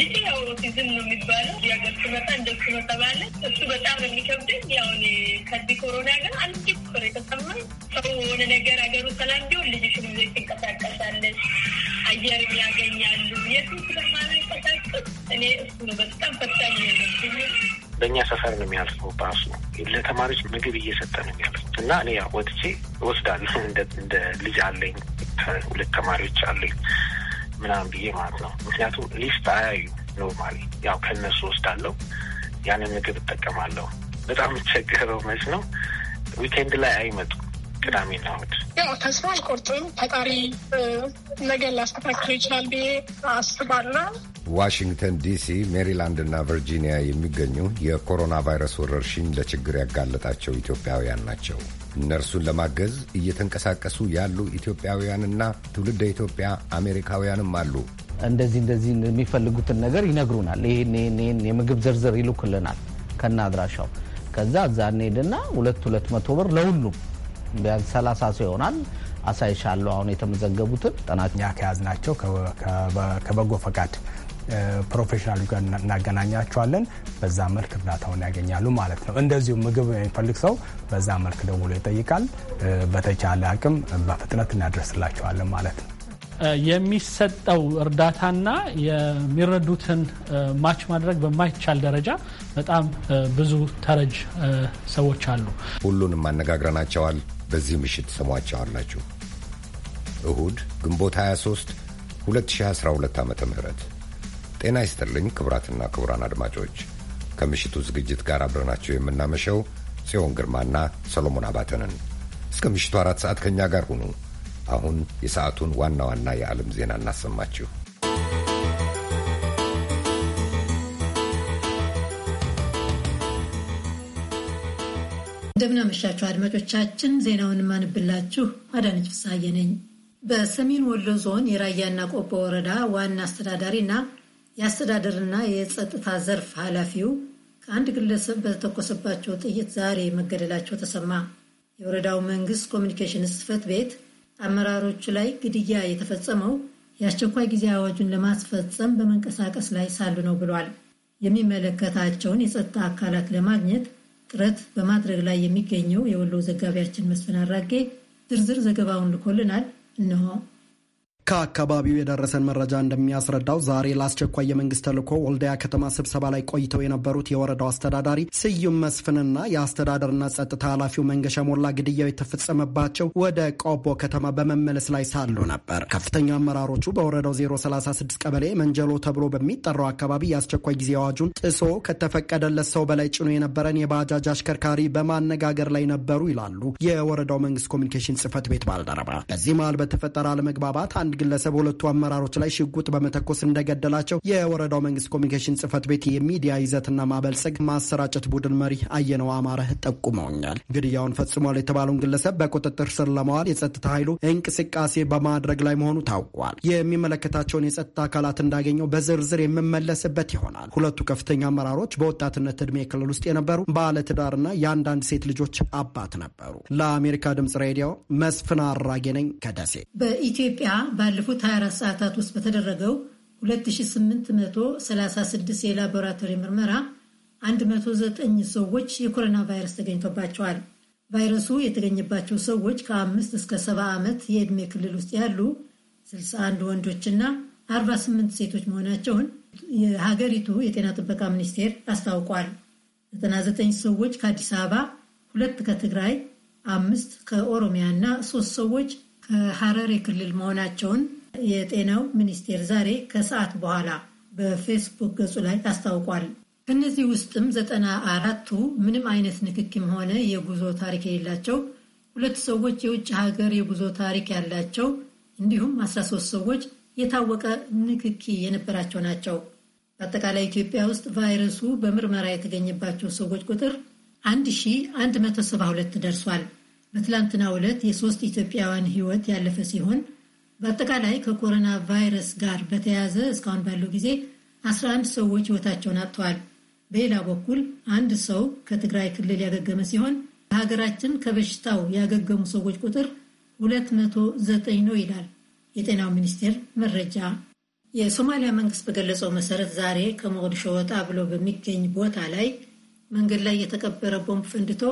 ልጅ ያው ኦቲዝም ነው የሚባለው። ያገር ስመጣ እንደሱ ነው ተባለ። እሱ በጣም የሚከብደኝ ያሁን ከዚህ ኮሮና ጋር አንድ ፍር የተሰማኝ ሰው የሆነ ነገር ሀገሩ ሰላም ቢሆን ልጅሽን ዘ ትንቀሳቀሳለች፣ አየር ያገኛሉ። የትም ስለማንንቀሳቀስ እኔ እሱ ነው በጣም ፈታኝ ሆነብኝ። በእኛ ሰፈር ነው የሚያልፈው ባሱ። ለተማሪዎች ምግብ እየሰጠ ነው የሚያልፈው እና እኔ ወጥቼ ወስዳለሁ። እንደ ልጅ አለኝ ሁለት ተማሪዎች አለኝ ምናምን ብዬ ማለት ነው። ምክንያቱም ሊስት አያዩ ኖርማሊ ያው ከነሱ አለው ያንን ምግብ እጠቀማለሁ። በጣም የምቸገረው መች ነው ዊኬንድ ላይ አይመጡም። ቅዳሜና እሑድ ያው ተስፋ አልቆርጥም። ፈጣሪ ነገር ላስተካክል ይችላል ብዬ አስባለሁ። ዋሽንግተን ዲሲ፣ ሜሪላንድ እና ቨርጂኒያ የሚገኙ የኮሮና ቫይረስ ወረርሽኝ ለችግር ያጋለጣቸው ኢትዮጵያውያን ናቸው። እነርሱን ለማገዝ እየተንቀሳቀሱ ያሉ ኢትዮጵያውያንና ትውልደ ኢትዮጵያ አሜሪካውያንም አሉ። እንደዚህ እንደዚህ የሚፈልጉትን ነገር ይነግሩናል። ይህን ይህን የምግብ ዝርዝር ይልኩልናል ከና አድራሻው። ከዛ እዛ እንሄድና ሁለት ሁለት መቶ ብር ለሁሉም ቢያንስ ሰላሳ ሰው ይሆናል አሳይሻለሁ። አሁን የተመዘገቡትን ጠና ከያዝናቸው ከበጎ ፈቃድ ፕሮፌሽናል ጋር እናገናኛቸዋለን። በዛ መልክ እርዳታውን ያገኛሉ ማለት ነው። እንደዚሁም ምግብ የሚፈልግ ሰው በዛ መልክ ደውሎ ይጠይቃል። በተቻለ አቅም በፍጥነት እናደርስላቸዋለን ማለት ነው። የሚሰጠው እርዳታና የሚረዱትን ማች ማድረግ በማይቻል ደረጃ በጣም ብዙ ተረጅ ሰዎች አሉ። ሁሉንም አነጋግረናቸዋል። በዚህ ምሽት ሰሟቸዋላችሁ። እሁድ ግንቦት 23 2012 ዓ ም ጤና ይስጥልኝ ክቡራትና ክቡራን አድማጮች ከምሽቱ ዝግጅት ጋር አብረናቸው የምናመሸው ጽዮን ግርማና ሰሎሞን አባተንን እስከ ምሽቱ አራት ሰዓት ከእኛ ጋር ሁኑ። አሁን የሰዓቱን ዋና ዋና የዓለም ዜና እናሰማችሁ። እንደምናመሻችሁ አድማጮቻችን፣ ዜናውን የማንብላችሁ አዳነች ፍስሐዬ ነኝ። በሰሜን ወሎ ዞን የራያና ቆቦ ወረዳ ዋና አስተዳዳሪና የአስተዳደርና የጸጥታ ዘርፍ ኃላፊው ከአንድ ግለሰብ በተተኮሰባቸው ጥይት ዛሬ መገደላቸው ተሰማ። የወረዳው መንግስት ኮሚኒኬሽን ጽፈት ቤት አመራሮቹ ላይ ግድያ የተፈጸመው የአስቸኳይ ጊዜ አዋጁን ለማስፈጸም በመንቀሳቀስ ላይ ሳሉ ነው ብሏል። የሚመለከታቸውን የጸጥታ አካላት ለማግኘት ጥረት በማድረግ ላይ የሚገኘው የወሎ ዘጋቢያችን መስፍን አራጌ ዝርዝር ዘገባውን ልኮልናል። እነሆ ከአካባቢው የደረሰን መረጃ እንደሚያስረዳው ዛሬ ለአስቸኳይ የመንግስት ተልዕኮ ወልዳያ ከተማ ስብሰባ ላይ ቆይተው የነበሩት የወረዳው አስተዳዳሪ ስዩም መስፍንና የአስተዳደርና ጸጥታ ኃላፊው መንገሻ ሞላ ግድያው የተፈጸመባቸው ወደ ቆቦ ከተማ በመመለስ ላይ ሳሉ ነበር። ከፍተኛ አመራሮቹ በወረዳው 036 ቀበሌ መንጀሎ ተብሎ በሚጠራው አካባቢ የአስቸኳይ ጊዜ አዋጁን ጥሶ ከተፈቀደለት ሰው በላይ ጭኖ የነበረን የባጃጅ አሽከርካሪ በማነጋገር ላይ ነበሩ ይላሉ የወረዳው መንግስት ኮሚኒኬሽን ጽህፈት ቤት ባልደረባ። በዚህ መሃል በተፈጠረ አለመግባባት አንድ አንድ ግለሰብ ሁለቱ አመራሮች ላይ ሽጉጥ በመተኮስ እንደገደላቸው የወረዳው መንግስት ኮሚኒኬሽን ጽህፈት ቤት የሚዲያ ይዘትና ማበልጸግ ማሰራጨት ቡድን መሪ አየነው አማረ ጠቁመውኛል። ግድያውን ፈጽሟል የተባለውን ግለሰብ በቁጥጥር ስር ለማዋል የጸጥታ ኃይሉ እንቅስቃሴ በማድረግ ላይ መሆኑ ታውቋል። የሚመለከታቸውን የጸጥታ አካላት እንዳገኘው በዝርዝር የምመለስበት ይሆናል። ሁለቱ ከፍተኛ አመራሮች በወጣትነት እድሜ ክልል ውስጥ የነበሩ ባለትዳርና የአንዳንድ ሴት ልጆች አባት ነበሩ። ለአሜሪካ ድምጽ ሬዲዮ መስፍን አራጌ ነኝ ከደሴ በኢትዮጵያ ባለፉት 24 ሰዓታት ውስጥ በተደረገው 2836 የላቦራቶሪ ምርመራ 109 ሰዎች የኮሮና ቫይረስ ተገኝቶባቸዋል። ቫይረሱ የተገኘባቸው ሰዎች ከአምስት እስከ ሰባ ዓመት የዕድሜ ክልል ውስጥ ያሉ 61 ወንዶችና 48 ሴቶች መሆናቸውን የሀገሪቱ የጤና ጥበቃ ሚኒስቴር አስታውቋል። 99 ሰዎች ከአዲስ አበባ፣ ሁለት ከትግራይ፣ አምስት ከኦሮሚያ እና ሶስት ሰዎች ከሐረሬ ክልል መሆናቸውን የጤናው ሚኒስቴር ዛሬ ከሰዓት በኋላ በፌስቡክ ገጹ ላይ አስታውቋል። ከእነዚህ ውስጥም ዘጠና አራቱ ምንም አይነት ንክኪም ሆነ የጉዞ ታሪክ የሌላቸው፣ ሁለት ሰዎች የውጭ ሀገር የጉዞ ታሪክ ያላቸው እንዲሁም 13 ሰዎች የታወቀ ንክኪ የነበራቸው ናቸው። በአጠቃላይ ኢትዮጵያ ውስጥ ቫይረሱ በምርመራ የተገኘባቸው ሰዎች ቁጥር 1172 ደርሷል። በትላንትናው ዕለት የሶስት ኢትዮጵያውያን ሕይወት ያለፈ ሲሆን በአጠቃላይ ከኮሮና ቫይረስ ጋር በተያያዘ እስካሁን ባለው ጊዜ 11 ሰዎች ሕይወታቸውን አጥተዋል። በሌላ በኩል አንድ ሰው ከትግራይ ክልል ያገገመ ሲሆን በሀገራችን ከበሽታው ያገገሙ ሰዎች ቁጥር 209 ነው ይላል የጤናው ሚኒስቴር መረጃ። የሶማሊያ መንግስት በገለጸው መሰረት ዛሬ ከሞቅዲሾ ወጣ ብሎ በሚገኝ ቦታ ላይ መንገድ ላይ የተቀበረ ቦምብ ፈንድቶ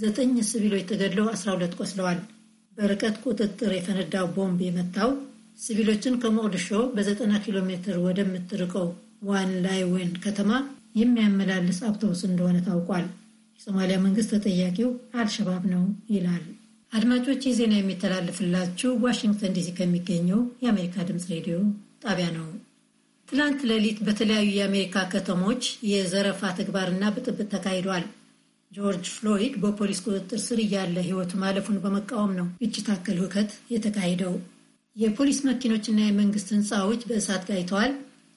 ዘጠኝ ሲቪሎች ተገድለው 12 ቆስለዋል። በርቀት ቁጥጥር የፈነዳው ቦምብ የመታው ሲቪሎችን ከሞቅዲሾ በ90 ኪሎ ሜትር ወደምትርቀው ዋን ላይዌን ከተማ የሚያመላልስ አውቶቡስ እንደሆነ ታውቋል። የሶማሊያ መንግስት ተጠያቂው አልሸባብ ነው ይላል። አድማጮች ይህ ዜና የሚተላለፍላችሁ ዋሽንግተን ዲሲ ከሚገኘው የአሜሪካ ድምፅ ሬዲዮ ጣቢያ ነው። ትላንት ሌሊት በተለያዩ የአሜሪካ ከተሞች የዘረፋ ተግባርና ብጥብጥ ተካሂዷል። ጆርጅ ፍሎይድ በፖሊስ ቁጥጥር ስር እያለ ህይወቱ ማለፉን በመቃወም ነው ግጭት አዘል ሁከት የተካሄደው። የፖሊስ መኪኖችና የመንግስት ህንፃዎች በእሳት ጋይተዋል።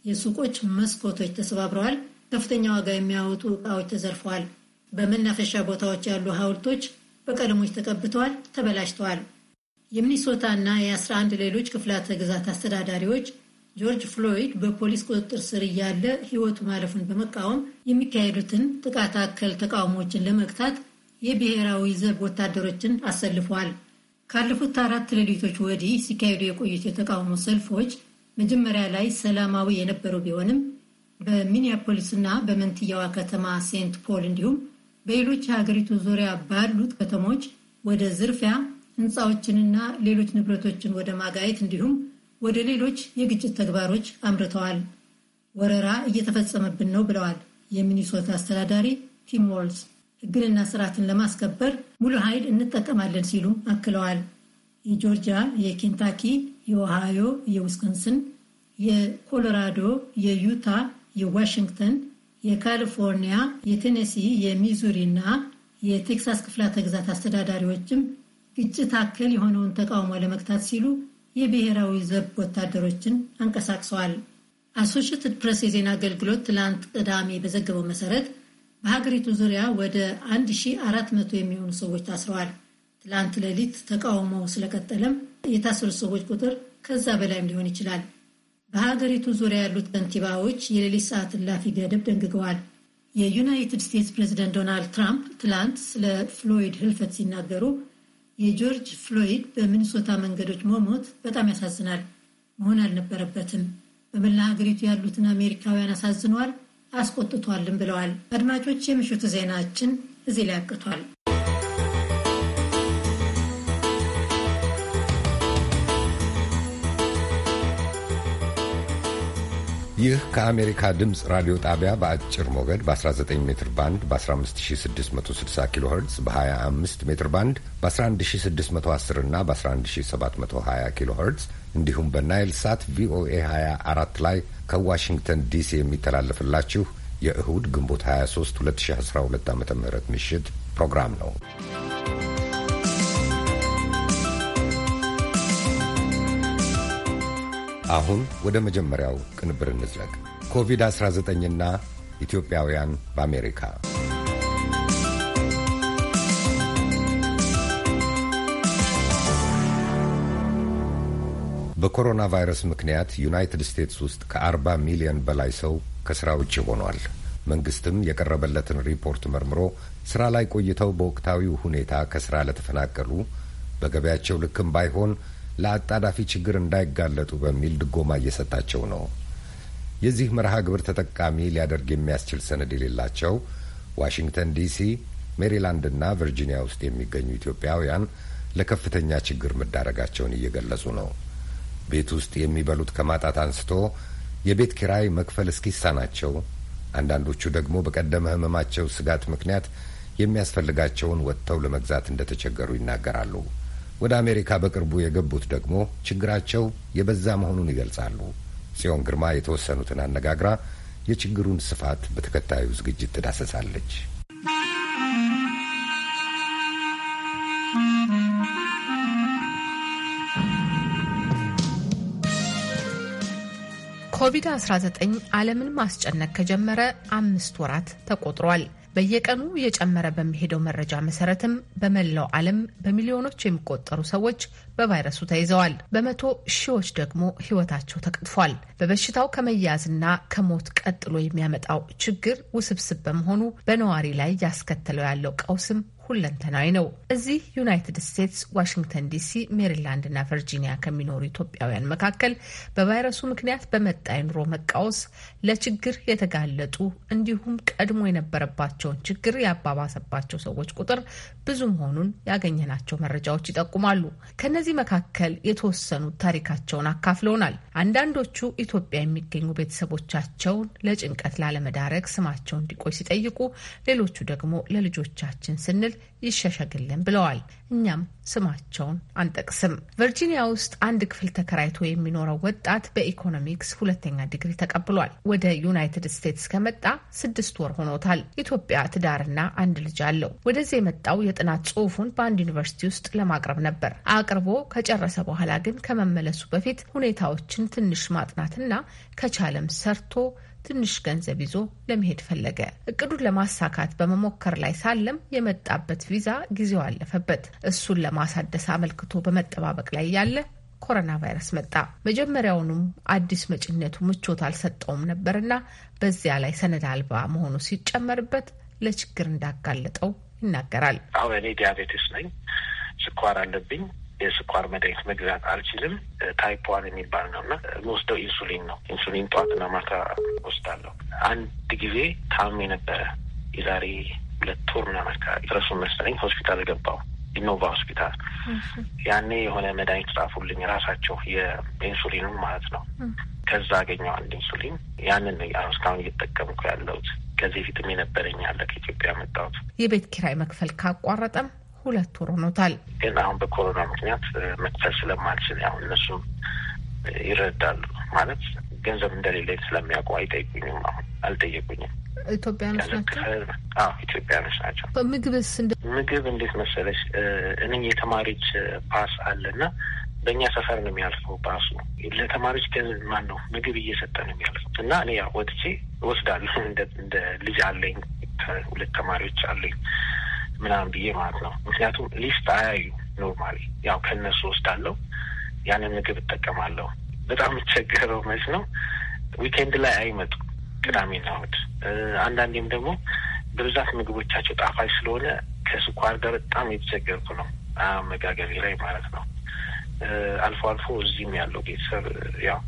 የሱቆች መስኮቶች ተሰባብረዋል። ከፍተኛ ዋጋ የሚያወጡ እቃዎች ተዘርፈዋል። በመናፈሻ ቦታዎች ያሉ ሐውልቶች በቀለሞች ተቀብተዋል፣ ተበላሽተዋል። የሚኒሶታ እና የ11 ሌሎች ክፍላተ ግዛት አስተዳዳሪዎች ጆርጅ ፍሎይድ በፖሊስ ቁጥጥር ስር እያለ ህይወቱ ማለፉን በመቃወም የሚካሄዱትን ጥቃት አከል ተቃውሞዎችን ለመግታት የብሔራዊ ዘብ ወታደሮችን አሰልፏል። ካለፉት አራት ሌሊቶች ወዲህ ሲካሄዱ የቆዩት የተቃውሞ ሰልፎች መጀመሪያ ላይ ሰላማዊ የነበሩ ቢሆንም በሚኒያፖሊስና በመንትያዋ ከተማ ሴንት ፖል እንዲሁም በሌሎች የሀገሪቱ ዙሪያ ባሉት ከተሞች ወደ ዝርፊያ፣ ህንፃዎችንና ሌሎች ንብረቶችን ወደ ማጋየት እንዲሁም ወደ ሌሎች የግጭት ተግባሮች አምርተዋል። ወረራ እየተፈጸመብን ነው ብለዋል የሚኒሶታ አስተዳዳሪ ቲም ዎልስ። ሕግንና ስርዓትን ለማስከበር ሙሉ ኃይል እንጠቀማለን ሲሉ አክለዋል። የጆርጂያ፣ የኬንታኪ፣ የኦሃዮ፣ የዊስኮንስን፣ የኮሎራዶ፣ የዩታ፣ የዋሽንግተን፣ የካሊፎርኒያ፣ የቴኔሲ፣ የሚዙሪ እና የቴክሳስ ክፍላተ ግዛት አስተዳዳሪዎችም ግጭት አክል የሆነውን ተቃውሞ ለመግታት ሲሉ የብሔራዊ ዘብ ወታደሮችን አንቀሳቅሰዋል። አሶሽትድ ፕሬስ የዜና አገልግሎት ትላንት ቅዳሜ በዘገበው መሰረት በሀገሪቱ ዙሪያ ወደ 1400 የሚሆኑ ሰዎች ታስረዋል። ትላንት ሌሊት ተቃውሞ ስለቀጠለም የታሰሩ ሰዎች ቁጥር ከዛ በላይም ሊሆን ይችላል። በሀገሪቱ ዙሪያ ያሉት ከንቲባዎች የሌሊት ሰዓት እላፊ ገደብ ደንግገዋል። የዩናይትድ ስቴትስ ፕሬዚደንት ዶናልድ ትራምፕ ትላንት ስለ ፍሎይድ ህልፈት ሲናገሩ የጆርጅ ፍሎይድ በሚኒሶታ መንገዶች መሞት በጣም ያሳዝናል፣ መሆን አልነበረበትም። በመላ ሀገሪቱ ያሉትን አሜሪካውያን አሳዝኗል፣ አስቆጥቷልም ብለዋል። አድማጮች፣ የምሽቱ ዜናችን እዚህ ላይ አብቅቷል። ይህ ከአሜሪካ ድምፅ ራዲዮ ጣቢያ በአጭር ሞገድ በ19 ሜትር ባንድ በ15660 ኪሎ ኸርትዝ በ25 ሜትር ባንድ በ11610 እና በ11720 ኪሎ ኸርትዝ እንዲሁም በናይል ሳት ቪኦኤ 24 ላይ ከዋሽንግተን ዲሲ የሚተላለፍላችሁ የእሁድ ግንቦት 23 2012 ዓ ም ምሽት ፕሮግራም ነው። አሁን ወደ መጀመሪያው ቅንብር እንዝለቅ። ኮቪድ-19ና ኢትዮጵያውያን በአሜሪካ በኮሮና ቫይረስ ምክንያት ዩናይትድ ስቴትስ ውስጥ ከ ከ40 ሚሊዮን በላይ ሰው ከስራ ውጭ ሆኗል። መንግስትም የቀረበለትን ሪፖርት መርምሮ ስራ ላይ ቆይተው በወቅታዊው ሁኔታ ከስራ ለተፈናቀሉ በገበያቸው ልክም ባይሆን ለአጣዳፊ ችግር እንዳይጋለጡ በሚል ድጎማ እየሰጣቸው ነው። የዚህ መርሃ ግብር ተጠቃሚ ሊያደርግ የሚያስችል ሰነድ የሌላቸው ዋሽንግተን ዲሲ፣ ሜሪላንድ እና ቨርጂኒያ ውስጥ የሚገኙ ኢትዮጵያውያን ለከፍተኛ ችግር መዳረጋቸውን እየገለጹ ነው። ቤት ውስጥ የሚበሉት ከማጣት አንስቶ የቤት ኪራይ መክፈል እስኪሳናቸው፣ አንዳንዶቹ ደግሞ በቀደመ ሕመማቸው ስጋት ምክንያት የሚያስፈልጋቸውን ወጥተው ለመግዛት እንደተቸገሩ ይናገራሉ። ወደ አሜሪካ በቅርቡ የገቡት ደግሞ ችግራቸው የበዛ መሆኑን ይገልጻሉ። ጽዮን ግርማ የተወሰኑትን አነጋግራ የችግሩን ስፋት በተከታዩ ዝግጅት ትዳሰሳለች። ኮቪድ-19 ዓለምን ማስጨነቅ ከጀመረ አምስት ወራት ተቆጥሯል። በየቀኑ እየጨመረ በሚሄደው መረጃ መሰረትም በመላው ዓለም በሚሊዮኖች የሚቆጠሩ ሰዎች በቫይረሱ ተይዘዋል። በመቶ ሺዎች ደግሞ ሕይወታቸው ተቀጥፏል። በበሽታው ከመያዝና ከሞት ቀጥሎ የሚያመጣው ችግር ውስብስብ በመሆኑ በነዋሪ ላይ ያስከተለው ያለው ቀውስም ሁለንተናዊ ነው። እዚህ ዩናይትድ ስቴትስ ዋሽንግተን ዲሲ፣ ሜሪላንድ እና ቨርጂኒያ ከሚኖሩ ኢትዮጵያውያን መካከል በቫይረሱ ምክንያት በመጣ የኑሮ መቃወስ ለችግር የተጋለጡ እንዲሁም ቀድሞ የነበረባቸውን ችግር ያባባሰባቸው ሰዎች ቁጥር ብዙ መሆኑን ያገኘናቸው መረጃዎች ይጠቁማሉ። ከእነዚህ መካከል የተወሰኑት ታሪካቸውን አካፍለውናል። አንዳንዶቹ ኢትዮጵያ የሚገኙ ቤተሰቦቻቸውን ለጭንቀት ላለመዳረግ ስማቸው እንዲቆይ ሲጠይቁ፣ ሌሎቹ ደግሞ ለልጆቻችን ስንል ይሸሸግልን ብለዋል። እኛም ስማቸውን አንጠቅስም። ቨርጂኒያ ውስጥ አንድ ክፍል ተከራይቶ የሚኖረው ወጣት በኢኮኖሚክስ ሁለተኛ ዲግሪ ተቀብሏል። ወደ ዩናይትድ ስቴትስ ከመጣ ስድስት ወር ሆኖታል። ኢትዮጵያ ትዳርና አንድ ልጅ አለው። ወደዚህ የመጣው የጥናት ጽሑፉን በአንድ ዩኒቨርሲቲ ውስጥ ለማቅረብ ነበር። አቅርቦ ከጨረሰ በኋላ ግን ከመመለሱ በፊት ሁኔታዎችን ትንሽ ማጥናትና ከቻለም ሰርቶ ትንሽ ገንዘብ ይዞ ለመሄድ ፈለገ። እቅዱን ለማሳካት በመሞከር ላይ ሳለም የመጣበት ቪዛ ጊዜው አለፈበት። እሱን ለማሳደስ አመልክቶ በመጠባበቅ ላይ ያለ ኮሮና ቫይረስ መጣ። መጀመሪያውኑም አዲስ መጭነቱ ምቾት አልሰጠውም ነበርና በዚያ ላይ ሰነድ አልባ መሆኑ ሲጨመርበት ለችግር እንዳጋለጠው ይናገራል። አሁን እኔ ዲያቤቴስ ነኝ፣ ስኳር አለብኝ። የስኳር መድኃኒት መግዛት አልችልም። ታይፕ ዋን የሚባል ነው እና የምወስደው ኢንሱሊን ነው። ኢንሱሊን ጠዋትና ማታ ወስዳለሁ። አንድ ጊዜ ታም የነበረ የዛሬ ሁለት ወር ምናምን አካባቢ ረሱ መሰለኝ ሆስፒታል ገባው ኢኖቫ ሆስፒታል። ያኔ የሆነ መድኃኒት ጻፉልኝ ራሳቸው የኢንሱሊኑን ማለት ነው። ከዛ አገኘው አንድ ኢንሱሊን ያንን እስካሁን እየተጠቀምኩ ያለሁት። ከዚህ ፊትም የነበረኝ አለ ከኢትዮጵያ መጣሁት። የቤት ኪራይ መክፈል ካቋረጠም ሁለት ወር ሆኖታል። ግን አሁን በኮሮና ምክንያት መክፈል ስለማልችል ያው እነሱም ይረዳሉ ማለት ገንዘብ እንደሌለ ስለሚያውቁ አይጠይቁኝም። አሁን አልጠየቁኝም። ኢትዮጵያኖች ኢትዮጵያኖች ናቸው። ምግብስ? ምግብ እንዴት መሰለች፣ እኔ የተማሪዎች ፓስ አለና በእኛ ሰፈር ነው የሚያልፈው ፓሱ። ለተማሪዎች ማን ነው ምግብ እየሰጠ ነው የሚያልፈው እና እኔ ያው ወጥቼ እወስዳለሁ። እንደ ልጅ አለኝ፣ ሁለት ተማሪዎች አለኝ ምናምን ብዬ ማለት ነው። ምክንያቱም ሊስት አያዩ ኖርማሊ ያው ከእነሱ ወስዳለው ያንን ምግብ እጠቀማለሁ። በጣም የምቸገረው መች ነው ዊኬንድ ላይ አይመጡ ቅዳሜና እሑድ። አንዳንዴም ደግሞ በብዛት ምግቦቻቸው ጣፋጭ ስለሆነ ከስኳር ጋር በጣም የተቸገርኩ ነው አመጋገቤ ላይ ማለት ነው። አልፎ አልፎ እዚህም ያለው ቤተሰብ ያው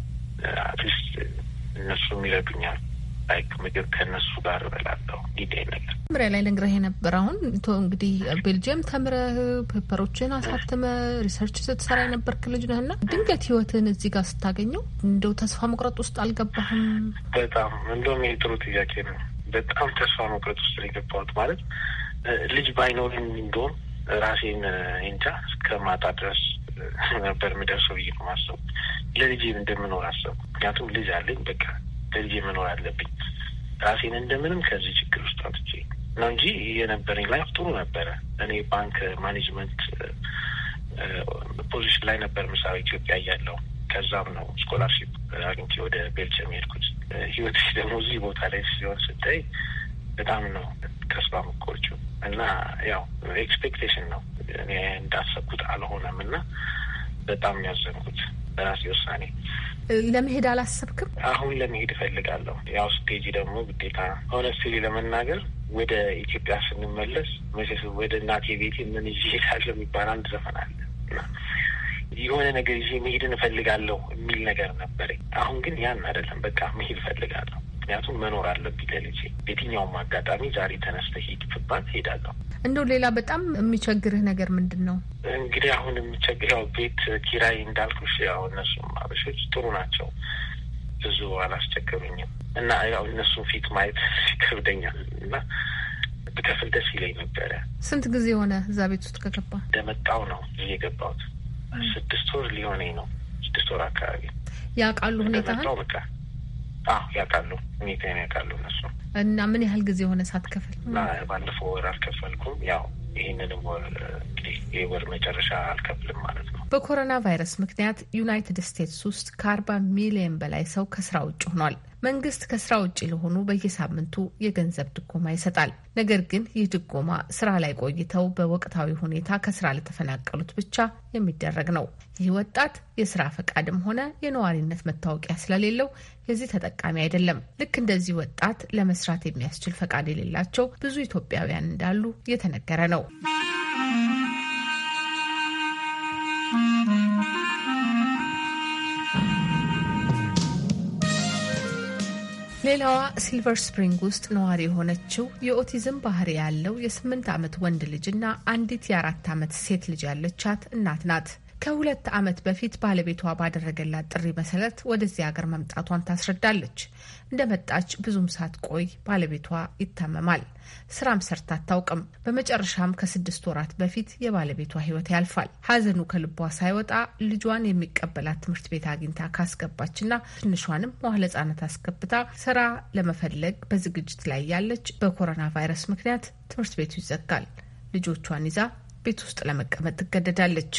አትሊስት እነሱም ይረዱኛል ላይክ ምግብ ከነሱ ጋር እበላለሁ። ዲዴ ነገር መጀመሪያ ላይ ነግረህ የነበረውን እንግዲህ ቤልጅየም ተምረህ ፔፐሮችን አሳትመ ሪሰርች ስትሰራ የነበርክ ልጅ ነህ እና ድንገት ህይወትን እዚህ ጋር ስታገኘው እንደው ተስፋ መቁረጥ ውስጥ አልገባህም? በጣም እንደውም የጥሩ ጥያቄ ነው። በጣም ተስፋ መቁረጥ ውስጥ ነው የገባሁት። ማለት ልጅ ባይኖርም እንደውም ራሴን እንጃ እስከ ማጣ ድረስ ነበር የምደርሰው ብዬ ነው ማሰቡ። ለልጅ እንደምኖር አሰብኩ። ምክንያቱም ልጅ አለኝ በቃ ለልጄ መኖር አለብኝ ራሴን እንደምንም ከዚህ ችግር ውስጥ አውጥቼ ነው እንጂ የነበረኝ ላይፍ ጥሩ ነበረ። እኔ ባንክ ማኔጅመንት ፖዚሽን ላይ ነበር ምሳሌ ኢትዮጵያ እያለሁ ከዛም ነው ስኮላርሽፕ አግኝቼ ወደ ቤልጅየም የሄድኩት። ህይወት ደግሞ እዚህ ቦታ ላይ ሲሆን ስታይ በጣም ነው ተስፋ ምኮርጩ እና ያው ኤክስፔክቴሽን ነው እኔ እንዳሰብኩት አልሆነም እና በጣም ያዘንኩት በራሴ ውሳኔ ለመሄድ አላሰብክም? አሁን ለመሄድ እፈልጋለሁ። ያው ስቴጂ ደግሞ ግዴታ ሆነስትሊ ለመናገር ወደ ኢትዮጵያ ስንመለስ መቼስ ወደ እናቴ ቤቴ ምን ይዤ እሄዳለሁ የሚባል አንድ ዘፈን አለ። የሆነ ነገር ይዤ መሄድን እፈልጋለሁ የሚል ነገር ነበረኝ። አሁን ግን ያን አይደለም። በቃ መሄድ እፈልጋለሁ። ምክንያቱም መኖር አለብኝ ለልጄ የትኛውም አጋጣሚ ዛሬ ተነስተ ሂድ ብባል ሄዳለሁ። እንደው ሌላ በጣም የሚቸግርህ ነገር ምንድን ነው? እንግዲህ አሁን የሚቸግር ያው ቤት ኪራይ እንዳልኩሽ፣ ያው እነሱም አበሾች ጥሩ ናቸው ብዙ አላስቸገሩኝም እና ያው እነሱን ፊት ማየት ይከብደኛል እና ብከፍል ደስ ይለኝ ነበረ። ስንት ጊዜ የሆነ እዛ ቤት ውስጥ ከገባ? እንደመጣው ነው እየገባሁት ስድስት ወር ሊሆነኝ ነው ስድስት ወር አካባቢ። ያውቃሉ ሁኔታ በቃ ያውቃሉ፣ ሁኔታን ያውቃሉ እነሱ። እና ምን ያህል ጊዜ የሆነ ሳትከፍል? ባለፈው ወር አልከፈልኩም። ያው ይህንንም ወር የወር መጨረሻ አልከፍልም ማለት ነው። በኮሮና ቫይረስ ምክንያት ዩናይትድ ስቴትስ ውስጥ ከአርባ ሚሊዮን በላይ ሰው ከስራ ውጭ ሆኗል። መንግስት ከስራ ውጭ ለሆኑ በየሳምንቱ የገንዘብ ድጎማ ይሰጣል። ነገር ግን ይህ ድጎማ ስራ ላይ ቆይተው በወቅታዊ ሁኔታ ከስራ ለተፈናቀሉት ብቻ የሚደረግ ነው። ይህ ወጣት የስራ ፈቃድም ሆነ የነዋሪነት መታወቂያ ስለሌለው የዚህ ተጠቃሚ አይደለም። ልክ እንደዚህ ወጣት ለመስራት የሚያስችል ፈቃድ የሌላቸው ብዙ ኢትዮጵያውያን እንዳሉ እየተነገረ ነው። ሌላዋ ሲልቨር ስፕሪንግ ውስጥ ነዋሪ የሆነችው የኦቲዝም ባህሪ ያለው የስምንት ዓመት ወንድ ልጅና አንዲት የአራት ዓመት ሴት ልጅ ያለቻት እናት ናት። ከሁለት ዓመት በፊት ባለቤቷ ባደረገላት ጥሪ መሰረት ወደዚህ ሀገር መምጣቷን ታስረዳለች። እንደመጣች ብዙም ሳትቆይ ባለቤቷ ይታመማል። ስራም ሰርታ አታውቅም። በመጨረሻም ከስድስት ወራት በፊት የባለቤቷ ህይወት ያልፋል። ሀዘኑ ከልቧ ሳይወጣ ልጇን የሚቀበላት ትምህርት ቤት አግኝታ ካስገባችና ትንሿንም መዋለ ሕጻናት አስገብታ ስራ ለመፈለግ በዝግጅት ላይ ያለች በኮሮና ቫይረስ ምክንያት ትምህርት ቤቱ ይዘጋል። ልጆቿን ይዛ ቤት ውስጥ ለመቀመጥ ትገደዳለች።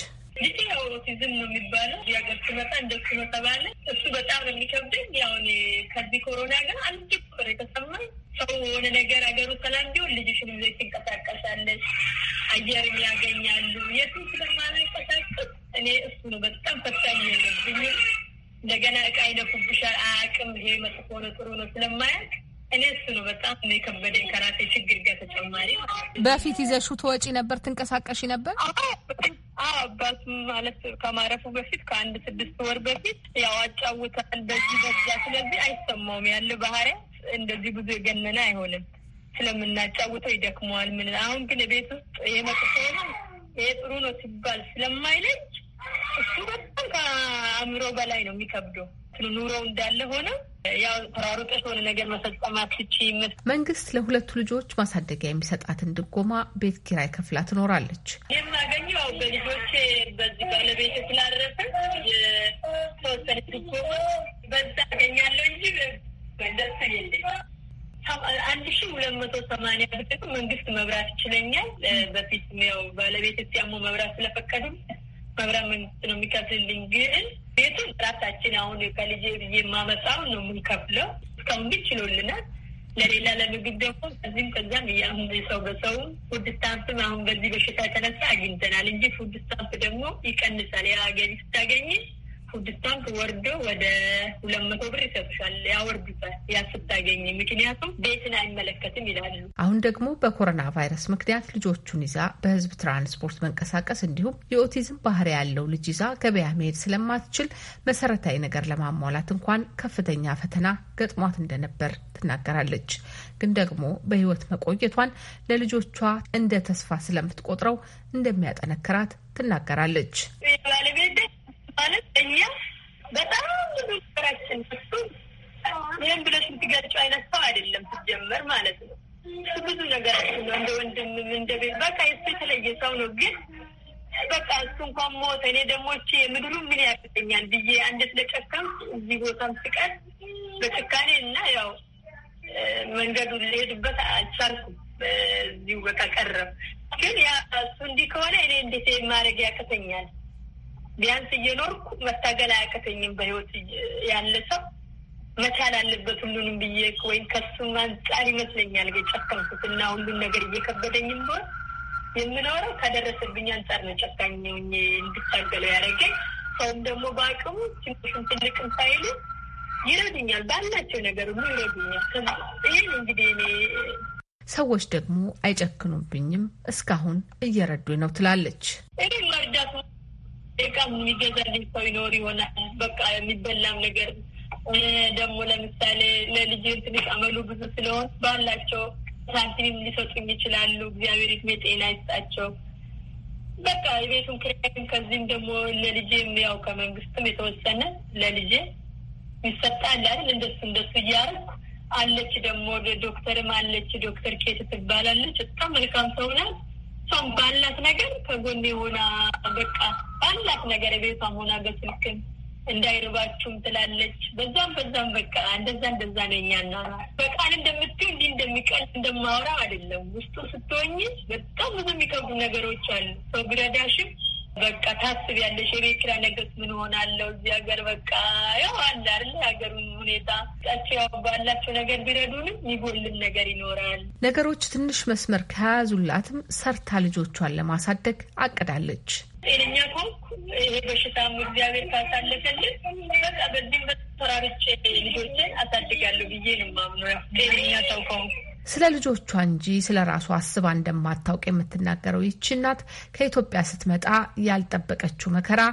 ልጅ ያው ኦቲዝም ነው የሚባለው። ያገር ስመጣ እንደሱ ነው ተባለ። እሱ በጣም የሚከብደኝ ያሁን ከዚህ ኮሮና ጋር አንድ ቁጥር የተሰማኝ ሰው የሆነ ነገር አገሩ ሰላም ቢሆን ልጅሽን ይዘሽ ትንቀሳቀሳለች፣ አየርም ያገኛሉ። የትም ስለማንቀሳቀስ እኔ እሱ ነው በጣም ፈታኝ የሆነብኝ። እንደገና እቃ ይነኩብሻል፣ አያውቅም ይሄ መጥፎ ነው ጥሩ ነው ስለማያውቅ እኔ እሱ ነው በጣም የከበደኝ ከራሴ ችግር ጋር ተጨማሪ። በፊት ይዘሹ ተወጪ ነበር ትንቀሳቀሽ ነበር አባቱ ማለት ከማረፉ በፊት ከአንድ ስድስት ወር በፊት ያው አጫውታል በዚህ በዛ። ስለዚህ አይሰማውም ያለ ባህሪያት እንደዚህ ብዙ የገነነ አይሆንም። ስለምናጫውተው ይደክመዋል። ምን አሁን ግን ቤት ውስጥ የመጥፎ ይሄ ጥሩ ነው ሲባል ስለማይለጅ እሱ በጣም ከአእምሮ በላይ ነው የሚከብደው። ትክክል ኑሮ እንዳለ ሆነ ያው ተራሩቀሽ የሆነ ነገር መፈጸም አትችይም። መንግስት ለሁለቱ ልጆች ማሳደጊያ የሚሰጣትን ድጎማ ቤት ኪራይ ከፍላ ትኖራለች። የማገኘው በልጆቼ በዚህ ባለቤት ስላረፈ የተወሰነ ድጎማ በዛ አገኛለሁ እንጂ ደስ የለኝ። አንድ ሺ ሁለት መቶ ሰማንያ ብር መንግስት መብራት ይችለኛል። በፊት ያው ባለቤት ሲያሞ መብራት ስለፈቀዱ መብራት መንግስት ነው የሚከፍልልኝ ግን ቤቱን ራሳችን አሁን ከልጄ ብዬ የማመጣው ነው የምንከፍለው። እስካሁን ግን ችሎልናል። ለሌላ ለምግብ ደግሞ ከዚህም ከዚያም እያሁን ሰው በሰው ፉድ ስታምፕም አሁን በዚህ በሽታ የተነሳ አግኝተናል እንጂ ፉድ ስታምፕ ደግሞ ይቀንሳል። ያ ገቢ ስታገኝ ስድስት ባንክ ወርዶ ወደ ሁለት መቶ ብር ይሰጡሻል። ያወርዱታል ያስታገኝ ምክንያቱም ቤትን አይመለከትም ይላሉ። አሁን ደግሞ በኮሮና ቫይረስ ምክንያት ልጆቹን ይዛ በህዝብ ትራንስፖርት መንቀሳቀስ እንዲሁም የኦቲዝም ባህሪ ያለው ልጅ ይዛ ገበያ መሄድ ስለማትችል መሰረታዊ ነገር ለማሟላት እንኳን ከፍተኛ ፈተና ገጥሟት እንደነበር ትናገራለች። ግን ደግሞ በህይወት መቆየቷን ለልጆቿ እንደ ተስፋ ስለምትቆጥረው እንደሚያጠነክራት ትናገራለች። ማለት እኛ በጣም ብዙ ስራችን ፍሱ ይህም ብለሽ የምትገልጪው አይነት ሰው አይደለም ስትጀመር ማለት ነው። ብዙ ነገራችን ነው እንደ ወንድምም እንደ ቤት በቃ የሱ የተለየ ሰው ነው። ግን በቃ እሱ እንኳን ሞተ እኔ ደግሞ ምድሩ ምን ያቅጠኛል ብዬ አንደት ስለጨከም እዚህ ቦታም ስቀር በጭካኔ እና ያው መንገዱን ልሄድበት አልቻልኩም። እዚሁ በቃ ቀረም ግን ያ እሱ እንዲህ ከሆነ እኔ እንዴት ማድረግ ያቅተኛል ቢያንስ እየኖርኩ መታገል አያቅተኝም። በህይወት ያለ ሰው መቻል አለበት ሁሉንም ብዬ ወይም ከሱም አንጻር ይመስለኛል የጨከምኩት እና ሁሉን ነገር እየከበደኝም ቢሆን የምኖረው ከደረሰብኝ አንጻር ነው። ጨካኝ ሆኜ እንድታገለው ያደረገኝ ሰውም ደግሞ በአቅሙ ትንሹም ትልቅም ሳይሉ ይረዱኛል፣ ባላቸው ነገር ሁሉ ይረዱኛል። ይህን እንግዲህ እኔ ሰዎች ደግሞ አይጨክኑብኝም፣ እስካሁን እየረዱኝ ነው ትላለች። እኔ መርዳት እቃም የሚገዛልኝ ሰው ይኖር ይሆናል። በቃ የሚበላም ነገር ደግሞ ለምሳሌ ለልጅ ትንሽ አመሉ ብዙ ስለሆን ባላቸው ሳንቲም ሊሰጡኝ ይችላሉ። እግዚአብሔር እድሜ ጤና ይስጣቸው። በቃ የቤቱን ክራይም ከዚህም ደግሞ ለልጄ ያው ከመንግስትም የተወሰነ ለልጄ ይሰጣል አይደል? እንደሱ እንደሱ እያደረኩ አለች ደግሞ ዶክተርም አለች ዶክተር ኬት ትባላለች። በጣም መልካም ሰው ናት። እሷም ባላት ነገር ከጎኔ ሆና በቃ ባላት ነገር ቤቷም ሆና በስልክም እንዳይርባችሁም ትላለች። በዛም በዛም በቃ እንደዛ እንደዛ ነው እኛና በቃል እንደምትይው እንዲህ እንደሚቀል እንደማወራ አይደለም። ውስጡ ስትሆኝ በጣም ብዙ የሚከብዱ ነገሮች አሉ። ሰው ቢረዳሽም በቃ ታስቢያለሽ፣ የቤት ኪራይ ነገር ምን ሆናለው እዚህ ሀገር በቃ ያው አለ አይደል የሀገሩን ሁኔታ ጣቸው ያው ባላቸው ነገር ቢረዱንም የሚጎልን ነገር ይኖራል። ነገሮች ትንሽ መስመር ከያዙላትም ሰርታ ልጆቿን ለማሳደግ አቅዳለች። ጤነኛ ኮንኩ ይሄ በሽታም እግዚአብሔር ካሳለፈልን በቃ በዚህም በተራርቼ ልጆቼን አሳድጋለሁ ብዬ ነው የማምነው። ጤነኛ ሰው ኮንኩ ስለ ልጆቿ እንጂ ስለ ራሷ አስባ እንደማታውቅ የምትናገረው ይቺ እናት ከኢትዮጵያ ስትመጣ ያልጠበቀችው መከራ፣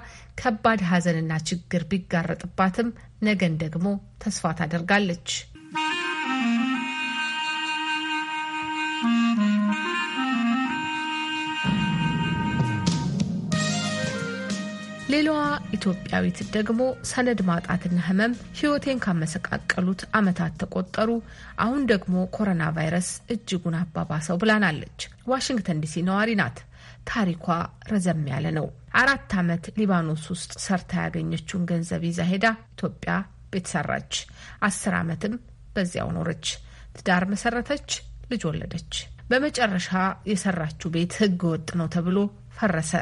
ከባድ ሀዘንና ችግር ቢጋረጥባትም ነገን ደግሞ ተስፋ ታደርጋለች። ሌላዋ ኢትዮጵያዊት ደግሞ ሰነድ ማጣትና ህመም ህይወቴን ካመሰቃቀሉት ዓመታት ተቆጠሩ፣ አሁን ደግሞ ኮሮና ቫይረስ እጅጉን አባባሰው ብላናለች። ዋሽንግተን ዲሲ ነዋሪ ናት። ታሪኳ ረዘም ያለ ነው። አራት ዓመት ሊባኖስ ውስጥ ሰርታ ያገኘችውን ገንዘብ ይዛ ሄዳ ኢትዮጵያ ቤት ሰራች። አስር ዓመትም በዚያው ኖረች። ትዳር መሰረተች፣ ልጅ ወለደች። በመጨረሻ የሰራችው ቤት ህግ ወጥ ነው ተብሎ ፈረሰ።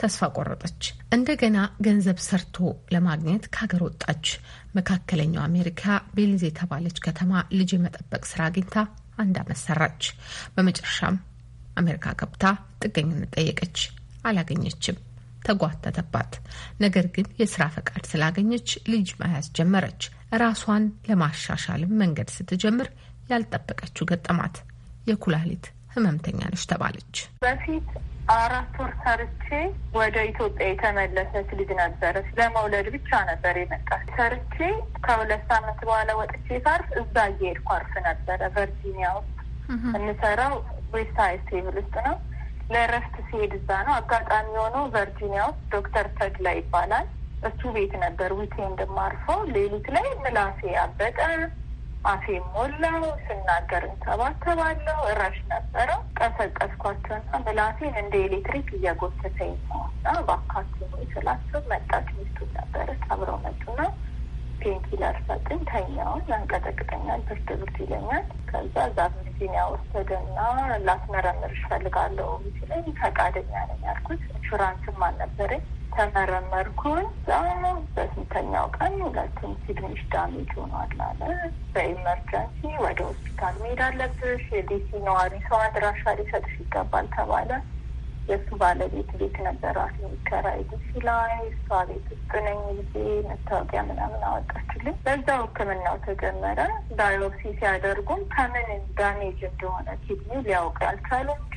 ተስፋ ቆረጠች። እንደገና ገንዘብ ሰርቶ ለማግኘት ከሀገር ወጣች። መካከለኛው አሜሪካ ቤሊዝ የተባለች ከተማ ልጅ የመጠበቅ ስራ አግኝታ አንድ አመት ሰራች። በመጨረሻም አሜሪካ ገብታ ጥገኝነት ጠየቀች። አላገኘችም። ተጓተተባት። ነገር ግን የስራ ፈቃድ ስላገኘች ልጅ መያዝ ጀመረች። ራሷን ለማሻሻልም መንገድ ስትጀምር ያልጠበቀችው ገጠማት። የኩላሊት ህመምተኛ ነች ተባለች። በፊት አራት ወር ሰርቼ ወደ ኢትዮጵያ የተመለሰች ልጅ ነበረች። ለመውለድ ብቻ ነበር የመጣች። ሰርቼ ከሁለት ሳምንት በኋላ ወጥቼ ሳርፍ እዛ እየሄድኩ አርፍ ነበረ። ቨርጂኒያ ውስጥ የምሰራው ዌስት ሃይስ ቴብል ውስጥ ነው። ለእረፍት ሲሄድ እዛ ነው። አጋጣሚ የሆነው ቨርጂኒያ ውስጥ ዶክተር ተድላ ይባላል። እሱ ቤት ነበር ዊኬንድ ማርፈው። ሌሊት ላይ ምላሴ አበጠ አፌ ሞላው፣ ስናገር እንተባተባለሁ። እራሽ ነበረው ቀሰቀስኳቸውና ምላሴን እንደ ኤሌክትሪክ እየጎተተኝ ነው እና እባካችሁ ስላቸው መጣች። ሚስቱ ነበረች፣ አብረው መጡና ፔንኪለር ሰጥኝ። ተኛውን ያንቀጠቅጠኛል፣ ብርድ ብርድ ይለኛል። ከዛ እዛ ቨርጂኒያ ወሰደና ላስመረምርሽ እፈልጋለሁ ሲለኝ ፈቃደኛ ነኝ አልኩት። ኢንሹራንስም አልነበረኝ ተመረመርኩኝ። በስንተኛው ቀን ሁለቱም ሲድኒሽ ዳሜጅ ሆኗል አለ። በኢመርጀንሲ ወደ ሆስፒታል መሄድ አለብሽ፣ የዴሲ ነዋሪ ሰው አድራሻ ሊሰጥሽ ይገባል ተባለ። የእሱ ባለቤት ቤት ነበራት የሚከራይ ዲሲ ላይ። እሷ ቤት ውስጥ ነኝ ጊዜ መታወቂያ ምናምን አወጣችልኝ። በዛው ሕክምናው ተጀመረ። ባዮፕሲ ሲያደርጉም ከምን ዳሜጅ እንደሆነ ኪድኒ ሊያውቅ ያልቻሉ እንጂ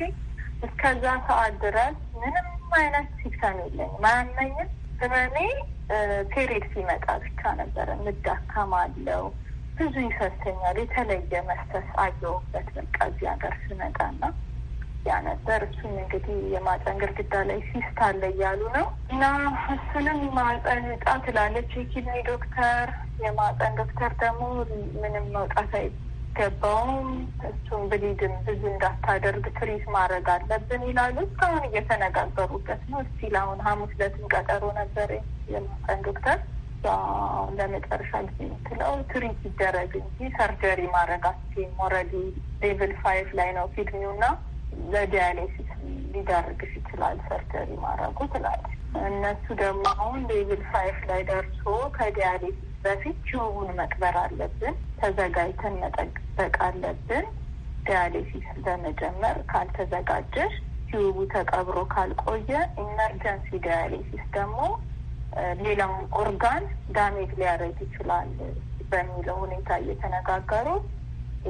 እስከዛ ሰዓት ድረስ ምንም ምንም አይነት ሲስተም የለኝ አያመኝም። ህመሜ ፔሬድ ሲመጣ ብቻ ነበረ ምዳከማለው፣ ብዙ ይፈሰኛል። የተለየ መስተስ አየሁበት በቃ እዚህ ሀገር ና ያ ነበር። እሱም እንግዲህ የማጠን ግድግዳ ላይ ሲስት አለ እያሉ ነው እና እሱንም ማጠን ጣ ትላለች የኪድኒ ዶክተር። የማጠን ዶክተር ደግሞ ምንም መውጣት አይ አይገባውም እሱ ብሊድን ብዙ እንዳታደርግ ትሪት ማድረግ አለብን ይላሉ። እስካሁን እየተነጋገሩበት ነው። እስቲ ለአሁን ሐሙስ ዕለትም ቀጠሮ ነበር የማህፀን ዶክተር ለመጨረሻ ጊዜ የምትለው ትሪት ይደረግ እንጂ ሰርጀሪ ማድረግ አትችይም፣ ኦልሬዲ ሌቭል ፋይቭ ላይ ነው ኪድኒው እና ለዲያሌሲስ ሊዳርግሽ ይችላል ሰርጀሪ ማድረጉ ትላለች። እነሱ ደግሞ አሁን ሌቭል ፋይቭ ላይ ደርሶ ከዲያሌሲስ በፊት ጆቡን መቅበር አለብን። ተዘጋጅተን መጠበቅ አለብን። ዲያሌሲስ ለመጀመር ካልተዘጋጀሽ ቲዩቡ ተቀብሮ ካልቆየ ኢመርጀንሲ ዲያሌሲስ ደግሞ ሌላውን ኦርጋን ዳሜጅ ሊያደርግ ይችላል በሚለው ሁኔታ እየተነጋገሩ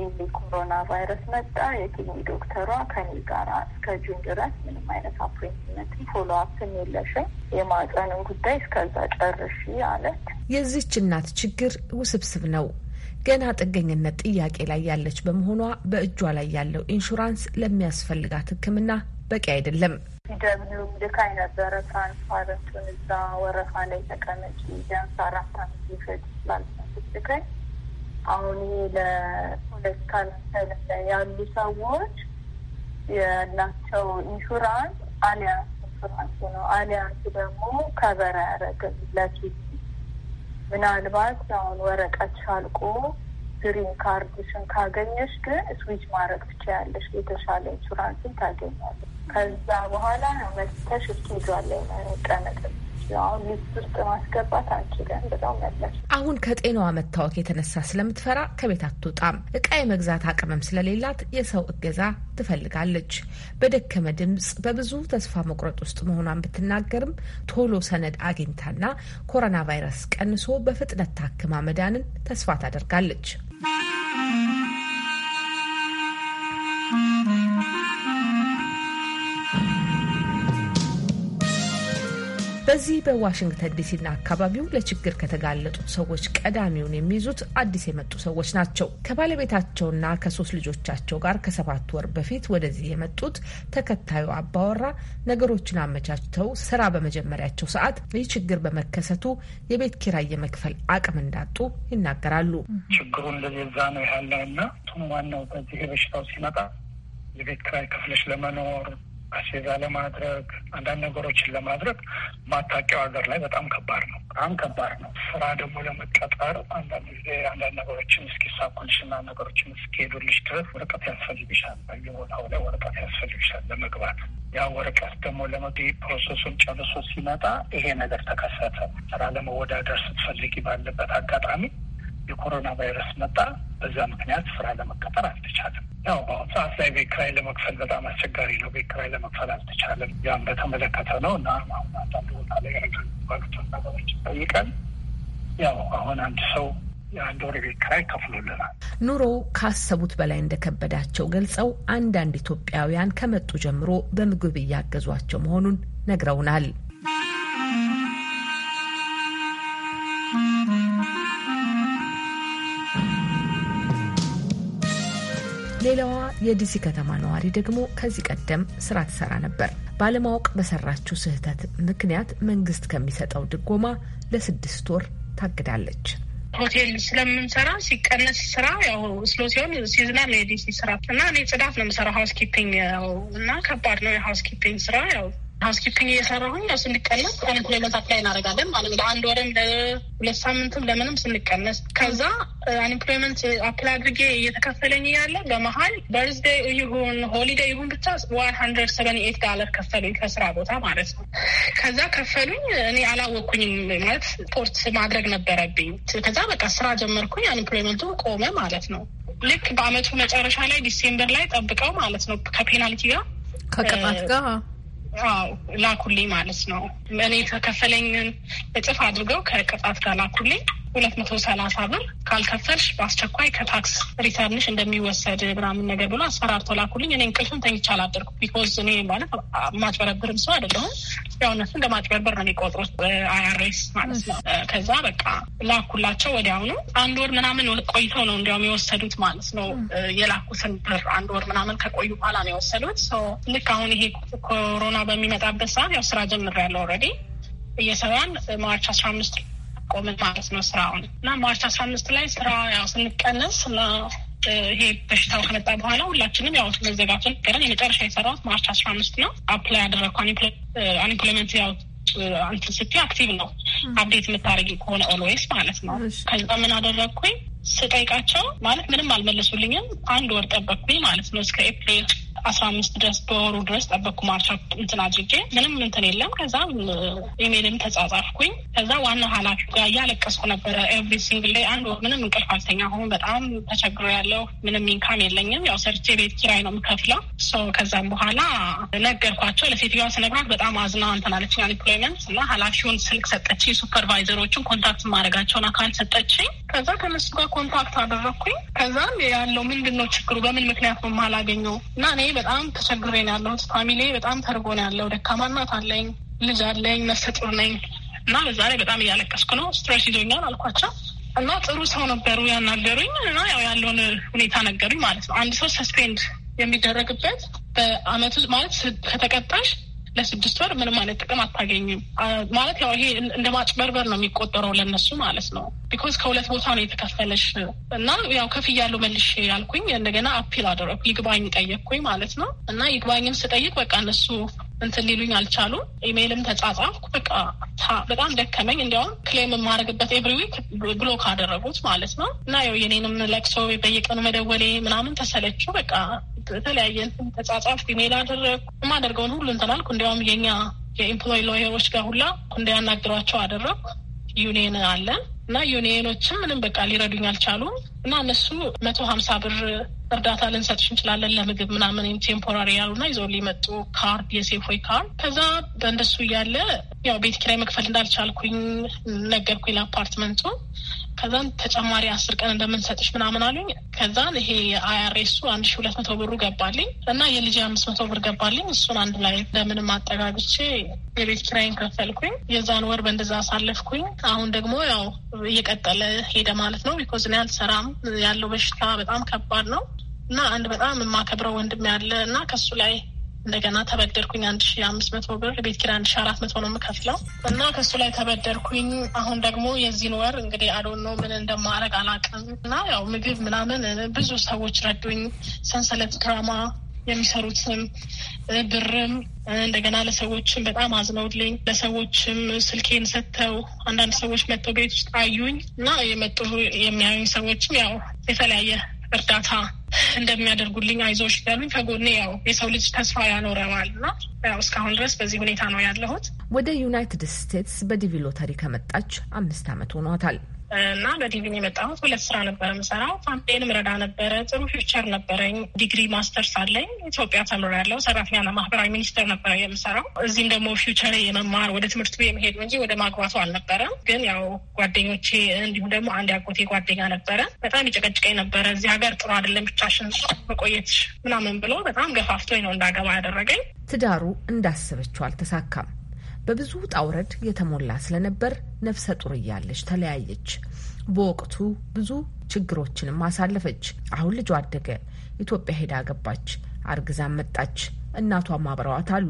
ይህ ኮሮና ቫይረስ መጣ። የኪኒ ዶክተሯ ከኔ ጋር እስከ ጁን ድረስ ምንም አይነት አፖይንትመንት ፎሎ አፕም የለሽም የማጠንም ጉዳይ እስከዛ ጨርሽ አለት። የዚች እናት ችግር ውስብስብ ነው። ገና ጥገኝነት ጥያቄ ላይ ያለች በመሆኗ በእጇ ላይ ያለው ኢንሹራንስ ለሚያስፈልጋት ሕክምና በቂ አይደለም። ሲደብሉ ልካይ የነበረ ትራንስፓረንቱን እዛ ወረፋ ላይ ተቀመጪ ቢያንስ አራት አመት ይፈጅ ስላልመስልከኝ አሁን ይሄ ለፖለቲካ ያሉ ሰዎች ያላቸው ኢንሹራንስ አሊያንስ ኢንሹራንስ ነው። አሊያንስ ደግሞ ከበር ያደረግን ለኪ ምናልባት አሁን ወረቀት ሻልቆ ግሪን ካርድሽን ካገኘሽ ግን ስዊች ማድረግ ትችያለሽ። የተሻለ ኢንሹራንስን ታገኛለሽ። ከዛ በኋላ ነው መጥተሽ እሱ ይዟል ቀነጥ አሁን ሊስት ውስጥ ማስገባት አንችለን ብለው መለሱ። አሁን ከጤናዋ መታወክ የተነሳ ስለምትፈራ ከቤት አትወጣም። እቃ የመግዛት አቅምም ስለሌላት የሰው እገዛ ትፈልጋለች። በደከመ ድምፅ በብዙ ተስፋ መቁረጥ ውስጥ መሆኗን ብትናገርም ቶሎ ሰነድ አግኝታና ኮሮና ቫይረስ ቀንሶ በፍጥነት ታክማ መዳንን ተስፋ ታደርጋለች። በዚህ በዋሽንግተን ዲሲና አካባቢው ለችግር ከተጋለጡ ሰዎች ቀዳሚውን የሚይዙት አዲስ የመጡ ሰዎች ናቸው። ከባለቤታቸውና ከሶስት ልጆቻቸው ጋር ከሰባት ወር በፊት ወደዚህ የመጡት ተከታዩ አባወራ ነገሮችን አመቻችተው ስራ በመጀመሪያቸው ሰዓት ይህ ችግር በመከሰቱ የቤት ኪራይ የመክፈል አቅም እንዳጡ ይናገራሉ። ችግሩ እንደዛ ነው ያለው እና ዋናው በዚህ በሽታው ሲመጣ የቤት ኪራይ ከፍለሽ ለመኖር አስቤዛ ለማድረግ አንዳንድ ነገሮችን ለማድረግ ማታቂያው ሀገር ላይ በጣም ከባድ ነው። በጣም ከባድ ነው። ስራ ደግሞ ለመቀጠር አንዳንድ ጊዜ አንዳንድ ነገሮችን እስኪሳኩልሽ እና ነገሮችን እስኪሄዱልሽ ድረስ ወረቀት ያስፈልግሻል። በየቦታው ላይ ወረቀት ያስፈልግሻል ለመግባት። ያ ወረቀት ደግሞ ለመግ ፕሮሰሱን ጨርሶ ሲመጣ ይሄ ነገር ተከሰተ። ስራ ለመወዳደር ስትፈልጊ ባለበት አጋጣሚ የኮሮና ቫይረስ መጣ። በዛ ምክንያት ስራ ለመቀጠር አልተቻለም። ያው በአሁኑ ሰዓት ላይ ቤት ኪራይ ለመክፈል በጣም አስቸጋሪ ነው። ቤት ኪራይ ለመክፈል አልተቻለም። ያም በተመለከተ ነው እና አሁን አንዳንድ ቦታ ላይ ረጋ ባሉትን ነገሮች ጠይቀን ያው አሁን አንድ ሰው የአንድ ወር ቤት ኪራይ ከፍሎልናል። ኑሮ ካሰቡት በላይ እንደከበዳቸው ገልጸው አንዳንድ ኢትዮጵያውያን ከመጡ ጀምሮ በምግብ እያገዟቸው መሆኑን ነግረውናል። የዲሲ ከተማ ነዋሪ ደግሞ ከዚህ ቀደም ስራ ትሰራ ነበር። ባለማወቅ በሰራችው ስህተት ምክንያት መንግስት ከሚሰጠው ድጎማ ለስድስት ወር ታግዳለች። ሆቴል ስለምንሰራ ሲቀነስ ስራ ያው ስሎ ሲሆን ሲዝናል የዲሲ ስራ እና እኔ ጽዳት ነው የምሰራው ሀውስኪፒንግ ያው እና ከባድ ነው የሀውስኪፒንግ ስራ ያው ሀውስኪፒንግ እየሰራሁኝ ያው ስንቀነስ ሬጉሌተር አፕላይ እናደርጋለን ማለት ነው። ለአንድ ወርም ለሁለት ሳምንትም ለምንም ስንቀነስ ከዛ አንኤምፕሎይመንት አፕላይ አድርጌ እየተከፈለኝ ያለ በመሀል በርዝደይ ይሁን ሆሊደይ ይሁን ብቻ ዋን ሀንድረድ ሰቨን ኤት ዳለር ከፈሉኝ ከስራ ቦታ ማለት ነው። ከዛ ከፈሉኝ እኔ አላወቅኩኝም ማለት ስፖርት ማድረግ ነበረብኝ። ከዛ በቃ ስራ ጀመርኩኝ። አንኤምፕሎይመንቱ ቆመ ማለት ነው። ልክ በአመቱ መጨረሻ ላይ ዲሴምበር ላይ ጠብቀው ማለት ነው ከፔናልቲ ጋር ከቅጣት ጋር ላኩልኝ ማለት ነው። እኔ የተከፈለኝን እጥፍ አድርገው ከቅጣት ጋር ላኩልኝ ሁለት መቶ ሰላሳ ብር ካልከፈልሽ በአስቸኳይ ከታክስ ሪተርንሽ እንደሚወሰድ ምናምን ነገር ብሎ አስፈራርተው ላኩልኝ። እኔ እንቅልፍም ተኝቻ አላደርኩ። ቢኮዝ እኔ ማለት ማጭበረብርም ሰው አይደለሁም። ያው እነሱ እንደ ማጭበርበር ነው የሚቆጥሩት አይአርኤስ ማለት ነው። ከዛ በቃ ላኩላቸው ወዲያውኑ። አንድ ወር ምናምን ቆይተው ነው እንዲያውም የወሰዱት ማለት ነው። የላኩትን ብር አንድ ወር ምናምን ከቆዩ በኋላ ነው የወሰዱት። ልክ አሁን ይሄ ኮሮና በሚመጣበት ሰዓት ያው ስራ ጀምሬያለሁ ኦልሬዲ እየሰራን ማርች አስራ አምስት ቆምን ማለት ነው ስራውን እና ማርች አስራ አምስት ላይ ስራ ያው ስንቀንስ እና ይሄ በሽታው ከመጣ በኋላ ሁላችንም ያው መዘጋቱ ቀን የመጨረሻ የሰራሁት ማርች አስራ አምስት ነው። አፕላይ ያደረግኩ አንኢምፕሎይመንት ያው አንትንስቲ አክቲቭ ነው አፕዴት የምታደረግ ከሆነ ኦልዌይስ ማለት ነው። ከዛ ምን አደረግኩኝ ስጠይቃቸው ማለት ምንም አልመለሱልኝም። አንድ ወር ጠበቅኩኝ ማለት ነው እስከ ኤፕሪል አስራ አምስት ድረስ በወሩ ድረስ ጠበቅኩ። ማርሻ እንትን አድርጌ ምንም እንትን የለም። ከዛ ኢሜልም ተጻጻፍኩኝ። ከዛ ዋና ኃላፊ ጋር እያለቀስኩ ነበረ ኤቭሪ ሲንግል ላይ አንድ ወር ምንም እንቅልፍ አልተኛ። አሁን በጣም ተቸግሮ ያለው ምንም ኢንካም የለኝም። ያው ሰርቼ ቤት ኪራይ ነው የምከፍለው። ከዛም በኋላ ነገርኳቸው። ለሴትዮዋ ስነግራት በጣም አዝና እንትን አለችኝ። አንኤምፕሎይመንት እና ኃላፊውን ስልክ ሰጠችኝ። ሱፐርቫይዘሮችን ኮንታክት ማድረጋቸውን አካል ሰጠችኝ። ከዛ ከነሱ ጋር ኮንታክት አደረግኩኝ። ከዛም ያለው ምንድን ነው ችግሩ፣ በምን ምክንያት ነው የማላገኘው እና እኔ በጣም ተቸግሬ ነው ያለሁት። ፋሚሊ በጣም ተርጎ ነው ያለው። ደካማ እናት አለኝ፣ ልጅ አለኝ፣ ነፍሰ ጡር ነኝ እና በዛ ላይ በጣም እያለቀስኩ ነው። ስትረስ ይዞኛል አልኳቸው እና ጥሩ ሰው ነበሩ ያናገሩኝ እና ያው ያለውን ሁኔታ ነገሩኝ ማለት ነው። አንድ ሰው ሰስፔንድ የሚደረግበት በአመቱ ማለት ከተቀጣሽ ለስድስት ወር ምንም አይነት ጥቅም አታገኝም ማለት ያው ይሄ እንደ ማጭበርበር ነው የሚቆጠረው ለነሱ ማለት ነው። ቢኮዝ ከሁለት ቦታ ነው የተከፈለች እና ያው ከፍያለሁ መልሽ ያልኩኝ እንደገና አፒል አደረኩ ይግባኝ ጠየቅኩኝ ማለት ነው እና ይግባኝም ስጠይቅ በቃ እነሱ እንትን ሊሉኝ አልቻሉም። ኢሜይልም ተጻጻፍኩ። በቃ በጣም ደከመኝ። እንዲያውም ክሌም የማደርግበት ኤቭሪ ዊክ ብሎክ አደረጉት ማለት ነው እና ያው የኔንም ለቅሶ በየቀኑ መደወሌ ምናምን ተሰለችው። በቃ የተለያየ እንትን ተጻጻፍኩ፣ ኢሜይል አደረግኩ፣ የማደርገውን ሁሉ እንትን አልኩ። እንዲያውም የኛ የኤምፕሎይ ሎየሮች ጋር ሁላ እንዳያናግሯቸው አደረግኩ። ዩኒየን አለን እና ዩኒየኖችም ምንም በቃ ሊረዱኝ አልቻሉም። እና እነሱ መቶ ሀምሳ ብር እርዳታ ልንሰጥሽ እንችላለን ለምግብ ምናምን ቴምፖራሪ ያሉና ይዘው ሊመጡ ካርድ የሴፎይ ካርድ። ከዛ በእንደሱ እያለ ያው ቤት ኪራይ መክፈል እንዳልቻልኩኝ ነገርኩኝ ለአፓርትመንቱ ከዛን ተጨማሪ አስር ቀን እንደምንሰጥሽ ምናምን አሉኝ። ከዛን ይሄ የአይአርኤሱ አንድ ሺ ሁለት መቶ ብሩ ገባልኝ እና የልጅ አምስት መቶ ብር ገባልኝ። እሱን አንድ ላይ እንደምንም አጠጋግቼ የቤት ኪራይን ከፈልኩኝ። የዛን ወር በእንደዛ አሳለፍኩኝ። አሁን ደግሞ ያው እየቀጠለ ሄደ ማለት ነው። ቢኮዝ እኔ አልሰራም። ያለው በሽታ በጣም ከባድ ነው እና አንድ በጣም የማከብረው ወንድም ያለ እና ከሱ ላይ እንደገና ተበደርኩኝ አንድ ሺ አምስት መቶ ብር ቤት ኪራይ አንድ ሺ አራት መቶ ነው የምከፍለው እና ከሱ ላይ ተበደርኩኝ። አሁን ደግሞ የዚህን ወር እንግዲህ አዶኖ ምን እንደማረግ አላውቅም። እና ያው ምግብ ምናምን ብዙ ሰዎች ረዱኝ። ሰንሰለት ድራማ የሚሰሩትም ብርም እንደገና ለሰዎችም በጣም አዝነውልኝ ለሰዎችም ስልኬን ሰጥተው አንዳንድ ሰዎች መጥተው ቤት ውስጥ አዩኝ እና የመጡ የሚያዩኝ ሰዎችም ያው የተለያየ እርዳታ እንደሚያደርጉልኝ አይዞሽ ያሉኝ ከጎኔ ያው የሰው ልጅ ተስፋ ያኖረዋል እና ያው እስካሁን ድረስ በዚህ ሁኔታ ነው ያለሁት። ወደ ዩናይትድ ስቴትስ በዲቪ ሎተሪ ከመጣች አምስት ዓመት ሆኗታል። እና በዲቪን የመጣሁት ሁለት ስራ ነበረ የምሰራው። ካምፔን ምረዳ ነበረ። ጥሩ ፊውቸር ነበረኝ። ዲግሪ ማስተርስ አለኝ። ኢትዮጵያ ያለው ሰራተኛና ማህበራዊ ሚኒስቴር ነበረ የምሰራው። እዚህም ደግሞ ፊውቸር የመማር ወደ ትምህርት ቤት የመሄድ እንጂ ወደ ማግባቱ አልነበረም። ግን ያው ጓደኞቼ እንዲሁም ደግሞ አንድ ያጎቴ ጓደኛ ነበረ በጣም ይጨቀጭቀኝ ነበረ። እዚህ ሀገር ጥሩ አይደለም ብቻሽን መቆየት ምናምን ብሎ በጣም ገፋፍቶኝ ነው እንዳገባ ያደረገኝ። ትዳሩ እንዳሰበችው አልተሳካም። በብዙ ጣውረድ የተሞላ ስለነበር ነፍሰ ጡር እያለች ተለያየች። በወቅቱ ብዙ ችግሮችንም አሳለፈች። አሁን ልጇ አደገ። ኢትዮጵያ ሄዳ ገባች አርግዛም መጣች። እናቷም አብረዋት አሉ።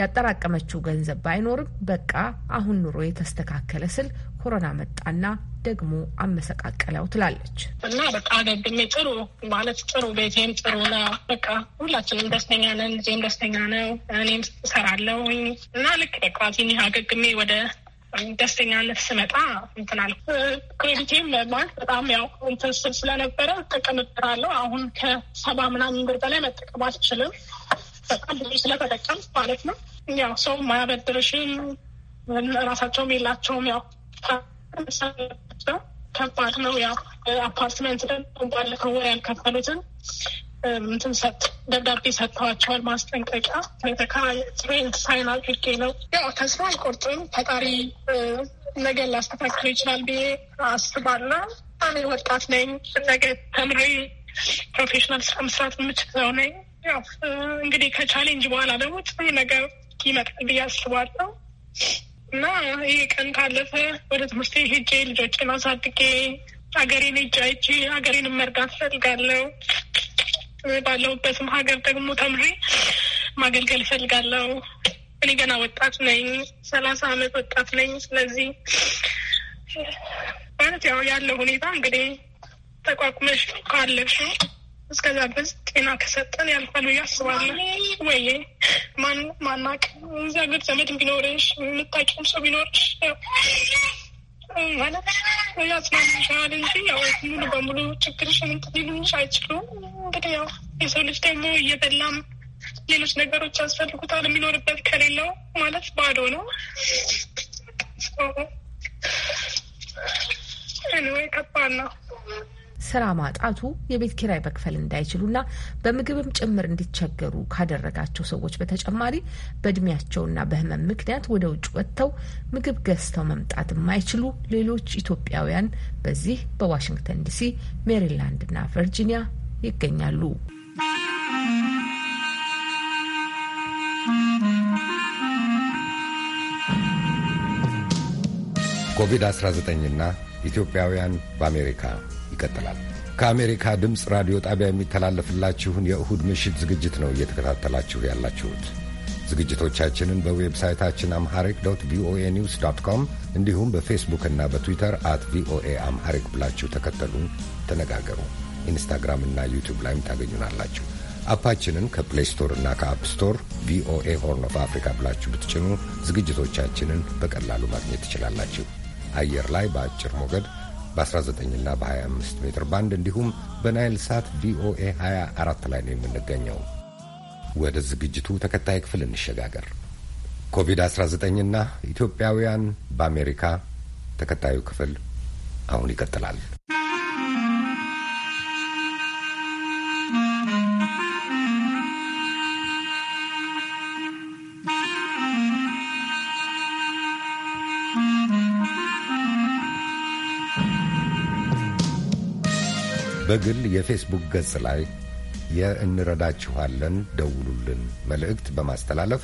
ያጠራቀመችው ገንዘብ ባይኖርም በቃ አሁን ኑሮ የተስተካከለ ስል ኮሮና መጣና ደግሞ አመሰቃቀለው ትላለች። እና በቃ አገግሜ ጥሩ ማለት ጥሩ ቤቴም ጥሩ ነው። በቃ ሁላችንም ደስተኛ ነን። ልጄም ደስተኛ ነው። እኔም እሰራለሁ እና ልክ በቃ ትንሽ አገግሜ ወደ ደስተኛነት ስመጣ እንትናል ክሬዲቴም ማለት በጣም ያው እንትን ስል ስለነበረ ጥቅም አሁን ከሰባ ምናምን ብር በላይ መጠቀም አልችልም። በጣም ብዙ ስለተጠቀም ማለት ነው። ያው ሰው ማያበድርሽም ራሳቸውም የላቸውም። ያው ከባድ ነው። ያው አፓርትመንት ደግሞ ባለፈው ወር ያልከፈሉትን እንትን ሰጥ ደብዳቤ ሰጥተዋቸዋል። ማስጠንቀቂያ ቤተካሬንት ሳይን አድርጌ ነው። ያው ተስፋ አልቆርጥም። ፈጣሪ ነገር ላስተካክሎ ይችላል ብዬ አስባለሁ። እኔ ወጣት ነኝ። ነገ ተምሬ ፕሮፌሽናል ስራ መስራት የምችለው ነኝ። ያው እንግዲህ ከቻሌንጅ በኋላ ደግሞ ጥሩ ነገር ይመጣል ብዬ አስባለሁ እና ይህ ቀን ካለፈ ወደ ትምህርት ሄጄ ልጆችን አሳድጌ ሀገሬን እጅ አይቼ ሀገሬን መርዳት እፈልጋለሁ። ባለሁበትም ሀገር ደግሞ ተምሬ ማገልገል እፈልጋለሁ። እኔ ገና ወጣት ነኝ፣ ሰላሳ አመት ወጣት ነኝ። ስለዚህ ማለት ያው ያለው ሁኔታ እንግዲህ ተቋቁመሽ ካለሽ እስከዛ ድረስ ጤና ከሰጠን ያልፋሉ ብዬ ወይ ማን ማናቅ እዚ ሀገር ዘመድ ቢኖርሽ የምታውቂውም ሰው ቢኖርሽ ማለት ያስማሻል እንጂ ያው ሙሉ በሙሉ ችግርሽን እንትን ሊሉሽ አይችሉም። እንግዲህ ያው የሰው ልጅ ደግሞ እየበላም ሌሎች ነገሮች ያስፈልጉታል። የሚኖርበት ከሌለው ማለት ባዶ ነው። ወይ ከባድ ነው። ስራ ማጣቱ የቤት ኪራይ መክፈል እንዳይችሉና በምግብም ጭምር እንዲቸገሩ ካደረጋቸው ሰዎች በተጨማሪ በእድሜያቸውና በህመም ምክንያት ወደ ውጭ ወጥተው ምግብ ገዝተው መምጣት የማይችሉ ሌሎች ኢትዮጵያውያን በዚህ በዋሽንግተን ዲሲ፣ ሜሪላንድና ቨርጂኒያ ይገኛሉ። ኮቪድ-19ና ኢትዮጵያውያን በአሜሪካ ይቀጥላል። ከአሜሪካ ድምፅ ራዲዮ ጣቢያ የሚተላለፍላችሁን የእሁድ ምሽት ዝግጅት ነው እየተከታተላችሁ ያላችሁት። ዝግጅቶቻችንን በዌብሳይታችን አምሐሪክ ዶት ቪኦኤ ኒውስ ዶት ኮም እንዲሁም በፌስቡክ እና በትዊተር አት ቪኦኤ አምሐሪክ ብላችሁ ተከተሉን፣ ተነጋገሩ። ኢንስታግራም እና ዩቲዩብ ላይም ታገኙናላችሁ። አፓችንን ከፕሌይ ስቶር እና ከአፕ ስቶር ቪኦኤ ሆርን ኦፍ አፍሪካ ብላችሁ ብትጭኑ ዝግጅቶቻችንን በቀላሉ ማግኘት ትችላላችሁ። አየር ላይ በአጭር ሞገድ በ19ና በ25 ሜትር ባንድ እንዲሁም በናይል ሳት ቪኦኤ 24 ላይ ነው የምንገኘው። ወደ ዝግጅቱ ተከታይ ክፍል እንሸጋገር። ኮቪድ-19ና ኢትዮጵያውያን በአሜሪካ ተከታዩ ክፍል አሁን ይቀጥላል። በግል የፌስቡክ ገጽ ላይ የእንረዳችኋለን ደውሉልን መልእክት በማስተላለፍ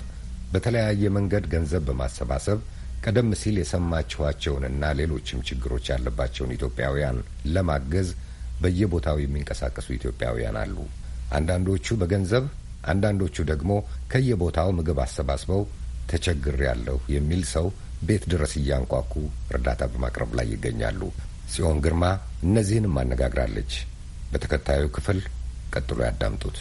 በተለያየ መንገድ ገንዘብ በማሰባሰብ ቀደም ሲል የሰማችኋቸውንና ሌሎችም ችግሮች ያለባቸውን ኢትዮጵያውያን ለማገዝ በየቦታው የሚንቀሳቀሱ ኢትዮጵያውያን አሉ። አንዳንዶቹ በገንዘብ አንዳንዶቹ ደግሞ ከየቦታው ምግብ አሰባስበው ተቸግር ያለሁ የሚል ሰው ቤት ድረስ እያንኳኩ እርዳታ በማቅረብ ላይ ይገኛሉ። ጽዮን ግርማ እነዚህንም አነጋግራለች። በተከታዩ ክፍል ቀጥሎ ያዳምጡት።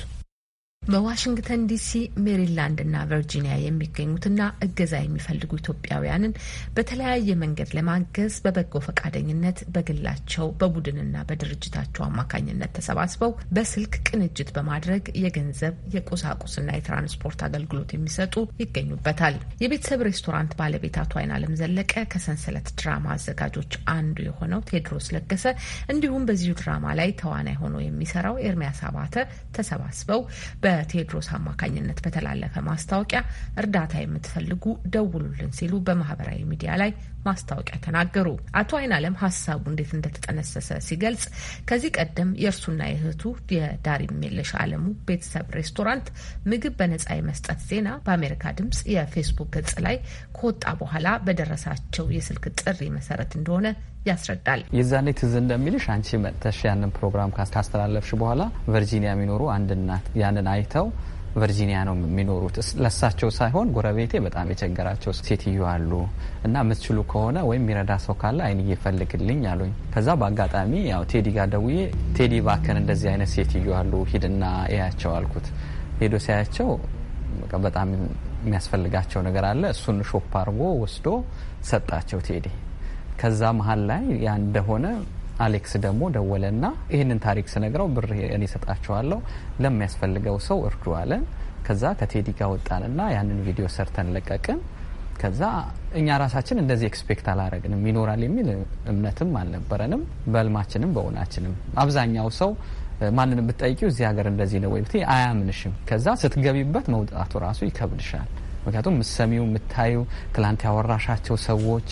በዋሽንግተን ዲሲ፣ ሜሪላንድ እና ቨርጂኒያ የሚገኙትና እገዛ የሚፈልጉ ኢትዮጵያውያንን በተለያየ መንገድ ለማገዝ በበጎ ፈቃደኝነት በግላቸው በቡድንና በድርጅታቸው አማካኝነት ተሰባስበው በስልክ ቅንጅት በማድረግ የገንዘብ የቁሳቁስና የትራንስፖርት አገልግሎት የሚሰጡ ይገኙበታል። የቤተሰብ ሬስቶራንት ባለቤት አቶ አይናለም ዘለቀ ከሰንሰለት ድራማ አዘጋጆች አንዱ የሆነው ቴድሮስ ለገሰ እንዲሁም በዚሁ ድራማ ላይ ተዋናይ ሆኖ የሚሰራው ኤርሚያስ አባተ ተሰባስበው በ በቴድሮስ አማካኝነት በተላለፈ ማስታወቂያ እርዳታ የምትፈልጉ ደውሉልን ሲሉ በማህበራዊ ሚዲያ ላይ ማስታወቂያ ተናገሩ። አቶ አይናለም ሀሳቡ እንዴት እንደተጠነሰሰ ሲገልጽ ከዚህ ቀደም የእርሱና የእህቱ ሜለሽ አለሙ ቤተሰብ ሬስቶራንት ምግብ በነጻ የመስጠት ዜና በአሜሪካ ድምጽ የፌስቡክ ገጽ ላይ ከወጣ በኋላ በደረሳቸው የስልክ ጥሪ መሰረት እንደሆነ ያስረዳል። የዛኔ ትዝ እንደሚልሽ አንቺ መጥተሽ ያንን ፕሮግራም ካስተላለፍሽ በኋላ ቨርጂኒያ የሚኖሩ አንድ እናት ያንን አይተው ቨርጂኒያ ነው የሚኖሩት። ለሳቸው ሳይሆን ጎረቤቴ በጣም የቸገራቸው ሴትዮ አሉ እና የምትችሉ ከሆነ ወይም የሚረዳ ሰው ካለ አይን እየፈልግልኝ አሉኝ። ከዛ በአጋጣሚ ያው ቴዲ ጋር ደውዬ ቴዲ ባከን እንደዚህ አይነት ሴትዮ አሉ ሂድና እያቸው አልኩት። ሄዶ ሲያያቸው በጣም የሚያስፈልጋቸው ነገር አለ። እሱን ሾፕ አድርጎ ወስዶ ሰጣቸው ቴዲ። ከዛ መሀል ላይ ያ እንደሆነ አሌክስ ደግሞ ደወለና ይህንን ታሪክ ስነግረው ብር እኔ ሰጣቸዋለሁ ለሚያስፈልገው ሰው እርዱ አለን። ከዛ ከቴዲ ጋር ወጣንና ያንን ቪዲዮ ሰርተን ለቀቅን። ከዛ እኛ ራሳችን እንደዚህ ኤክስፔክት አላረግንም ይኖራል የሚል እምነትም አልነበረንም። በህልማችንም በእውናችንም አብዛኛው ሰው ማንንም ብትጠይቂው እዚህ ሀገር እንደዚህ ነው ወይ ብትይ አያምንሽም። ከዛ ስትገቢበት መውጣቱ ራሱ ይከብድሻል። ምክንያቱም ምሰሚው የምታዩ ትላንት ያወራሻቸው ሰዎች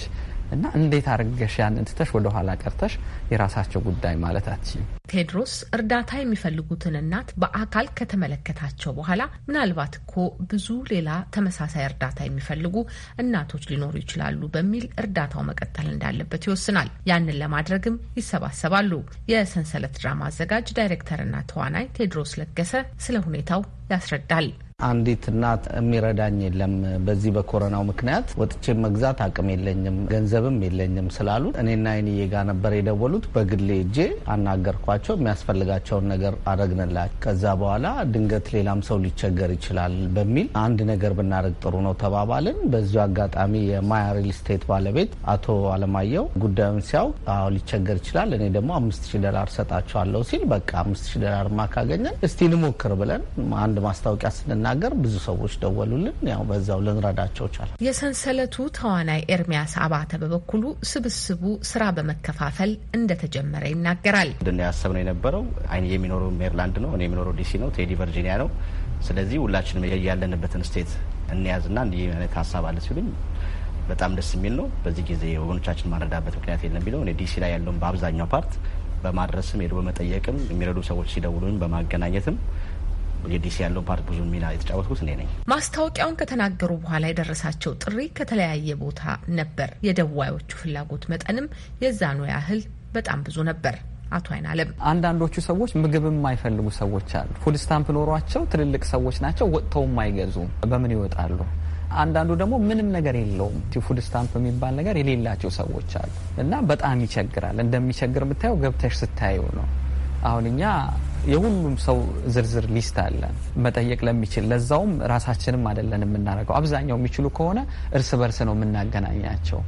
እና እንዴት አድርገሽ ያንን ትተሽ ኋላ ቀርተሽ የራሳቸው ጉዳይ ማለት አትችልም። ቴድሮስ እርዳታ የሚፈልጉትን እናት በአካል ከተመለከታቸው በኋላ ምናልባት እኮ ብዙ ሌላ ተመሳሳይ እርዳታ የሚፈልጉ እናቶች ሊኖሩ ይችላሉ በሚል እርዳታው መቀጠል እንዳለበት ይወስናል። ያንን ለማድረግም ይሰባሰባሉ። የሰንሰለት ድራማ አዘጋጅ ዳይሬክተርና ተዋናይ ቴድሮስ ለገሰ ስለ ሁኔታው ያስረዳል። አንዲት እናት የሚረዳኝ የለም በዚህ በኮሮናው ምክንያት ወጥቼ መግዛት አቅም የለኝም ገንዘብም የለኝም ስላሉ እኔና አይንዬ ጋር ነበር የደወሉት። በግሌ እጄ አናገርኳቸው። የሚያስፈልጋቸውን ነገር አረግንላቸው። ከዛ በኋላ ድንገት ሌላም ሰው ሊቸገር ይችላል በሚል አንድ ነገር ብናደርግ ጥሩ ነው ተባባልን። በዚ አጋጣሚ የማያ ሪል ስቴት ባለቤት አቶ አለማየሁ ጉዳዩን ሲያውቅ አዎ ሊቸገር ይችላል፣ እኔ ደግሞ አምስት ሺ ዶላር ሰጣቸዋለሁ ሲል በቃ አምስት ሺ ዶላር ማ ካገኘን እስቲ ንሞክር ብለን አንድ ማስታወቂያ ስንና ስንናገር ብዙ ሰዎች ደወሉልን። ያው በዛው ልንረዳቸው ቻለ። የሰንሰለቱ ተዋናይ ኤርሚያስ አባተ በበኩሉ ስብስቡ ስራ በመከፋፈል እንደተጀመረ ይናገራል። ምንድነው ያሰብነው የነበረው አይን የሚኖረው ሜሪላንድ ነው፣ እኔ የሚኖረው ዲሲ ነው፣ ቴዲ ቨርጂኒያ ነው። ስለዚህ ሁላችንም ያለንበትን ስቴት እንያዝና እንዲህ አይነት ሀሳብ አለ ሲሉኝ በጣም ደስ የሚል ነው። በዚህ ጊዜ ወገኖቻችን ማንረዳበት ምክንያት የለም ቢለው እኔ ዲሲ ላይ ያለውን በአብዛኛው ፓርት በማድረስም ሄዶ በመጠየቅም የሚረዱ ሰዎች ሲደውሉኝ በማገናኘትም ዲሲ ያለው ፓርት ብዙ ሚና የተጫወትኩት እኔ ነኝ። ማስታወቂያውን ከተናገሩ በኋላ የደረሳቸው ጥሪ ከተለያየ ቦታ ነበር። የደዋዮቹ ፍላጎት መጠንም የዛኑ ያህል በጣም ብዙ ነበር። አቶ አይን አለም አንዳንዶቹ ሰዎች ምግብ የማይፈልጉ ሰዎች አሉ። ፉድ ስታምፕ ኖሯቸው ትልልቅ ሰዎች ናቸው፣ ወጥተው የማይገዙ በምን ይወጣሉ? አንዳንዱ ደግሞ ምንም ነገር የለውም ፉድ ስታምፕ የሚባል ነገር የሌላቸው ሰዎች አሉ። እና በጣም ይቸግራል። እንደሚቸግር የምታየው ገብተሽ ስታየው ነው። አሁን እኛ የሁሉም ሰው ዝርዝር ሊስት አለን መጠየቅ ለሚችል ለዛውም ራሳችንም አይደለን የምናደርገው። አብዛኛው የሚችሉ ከሆነ እርስ በርስ ነው የምናገናኛቸው።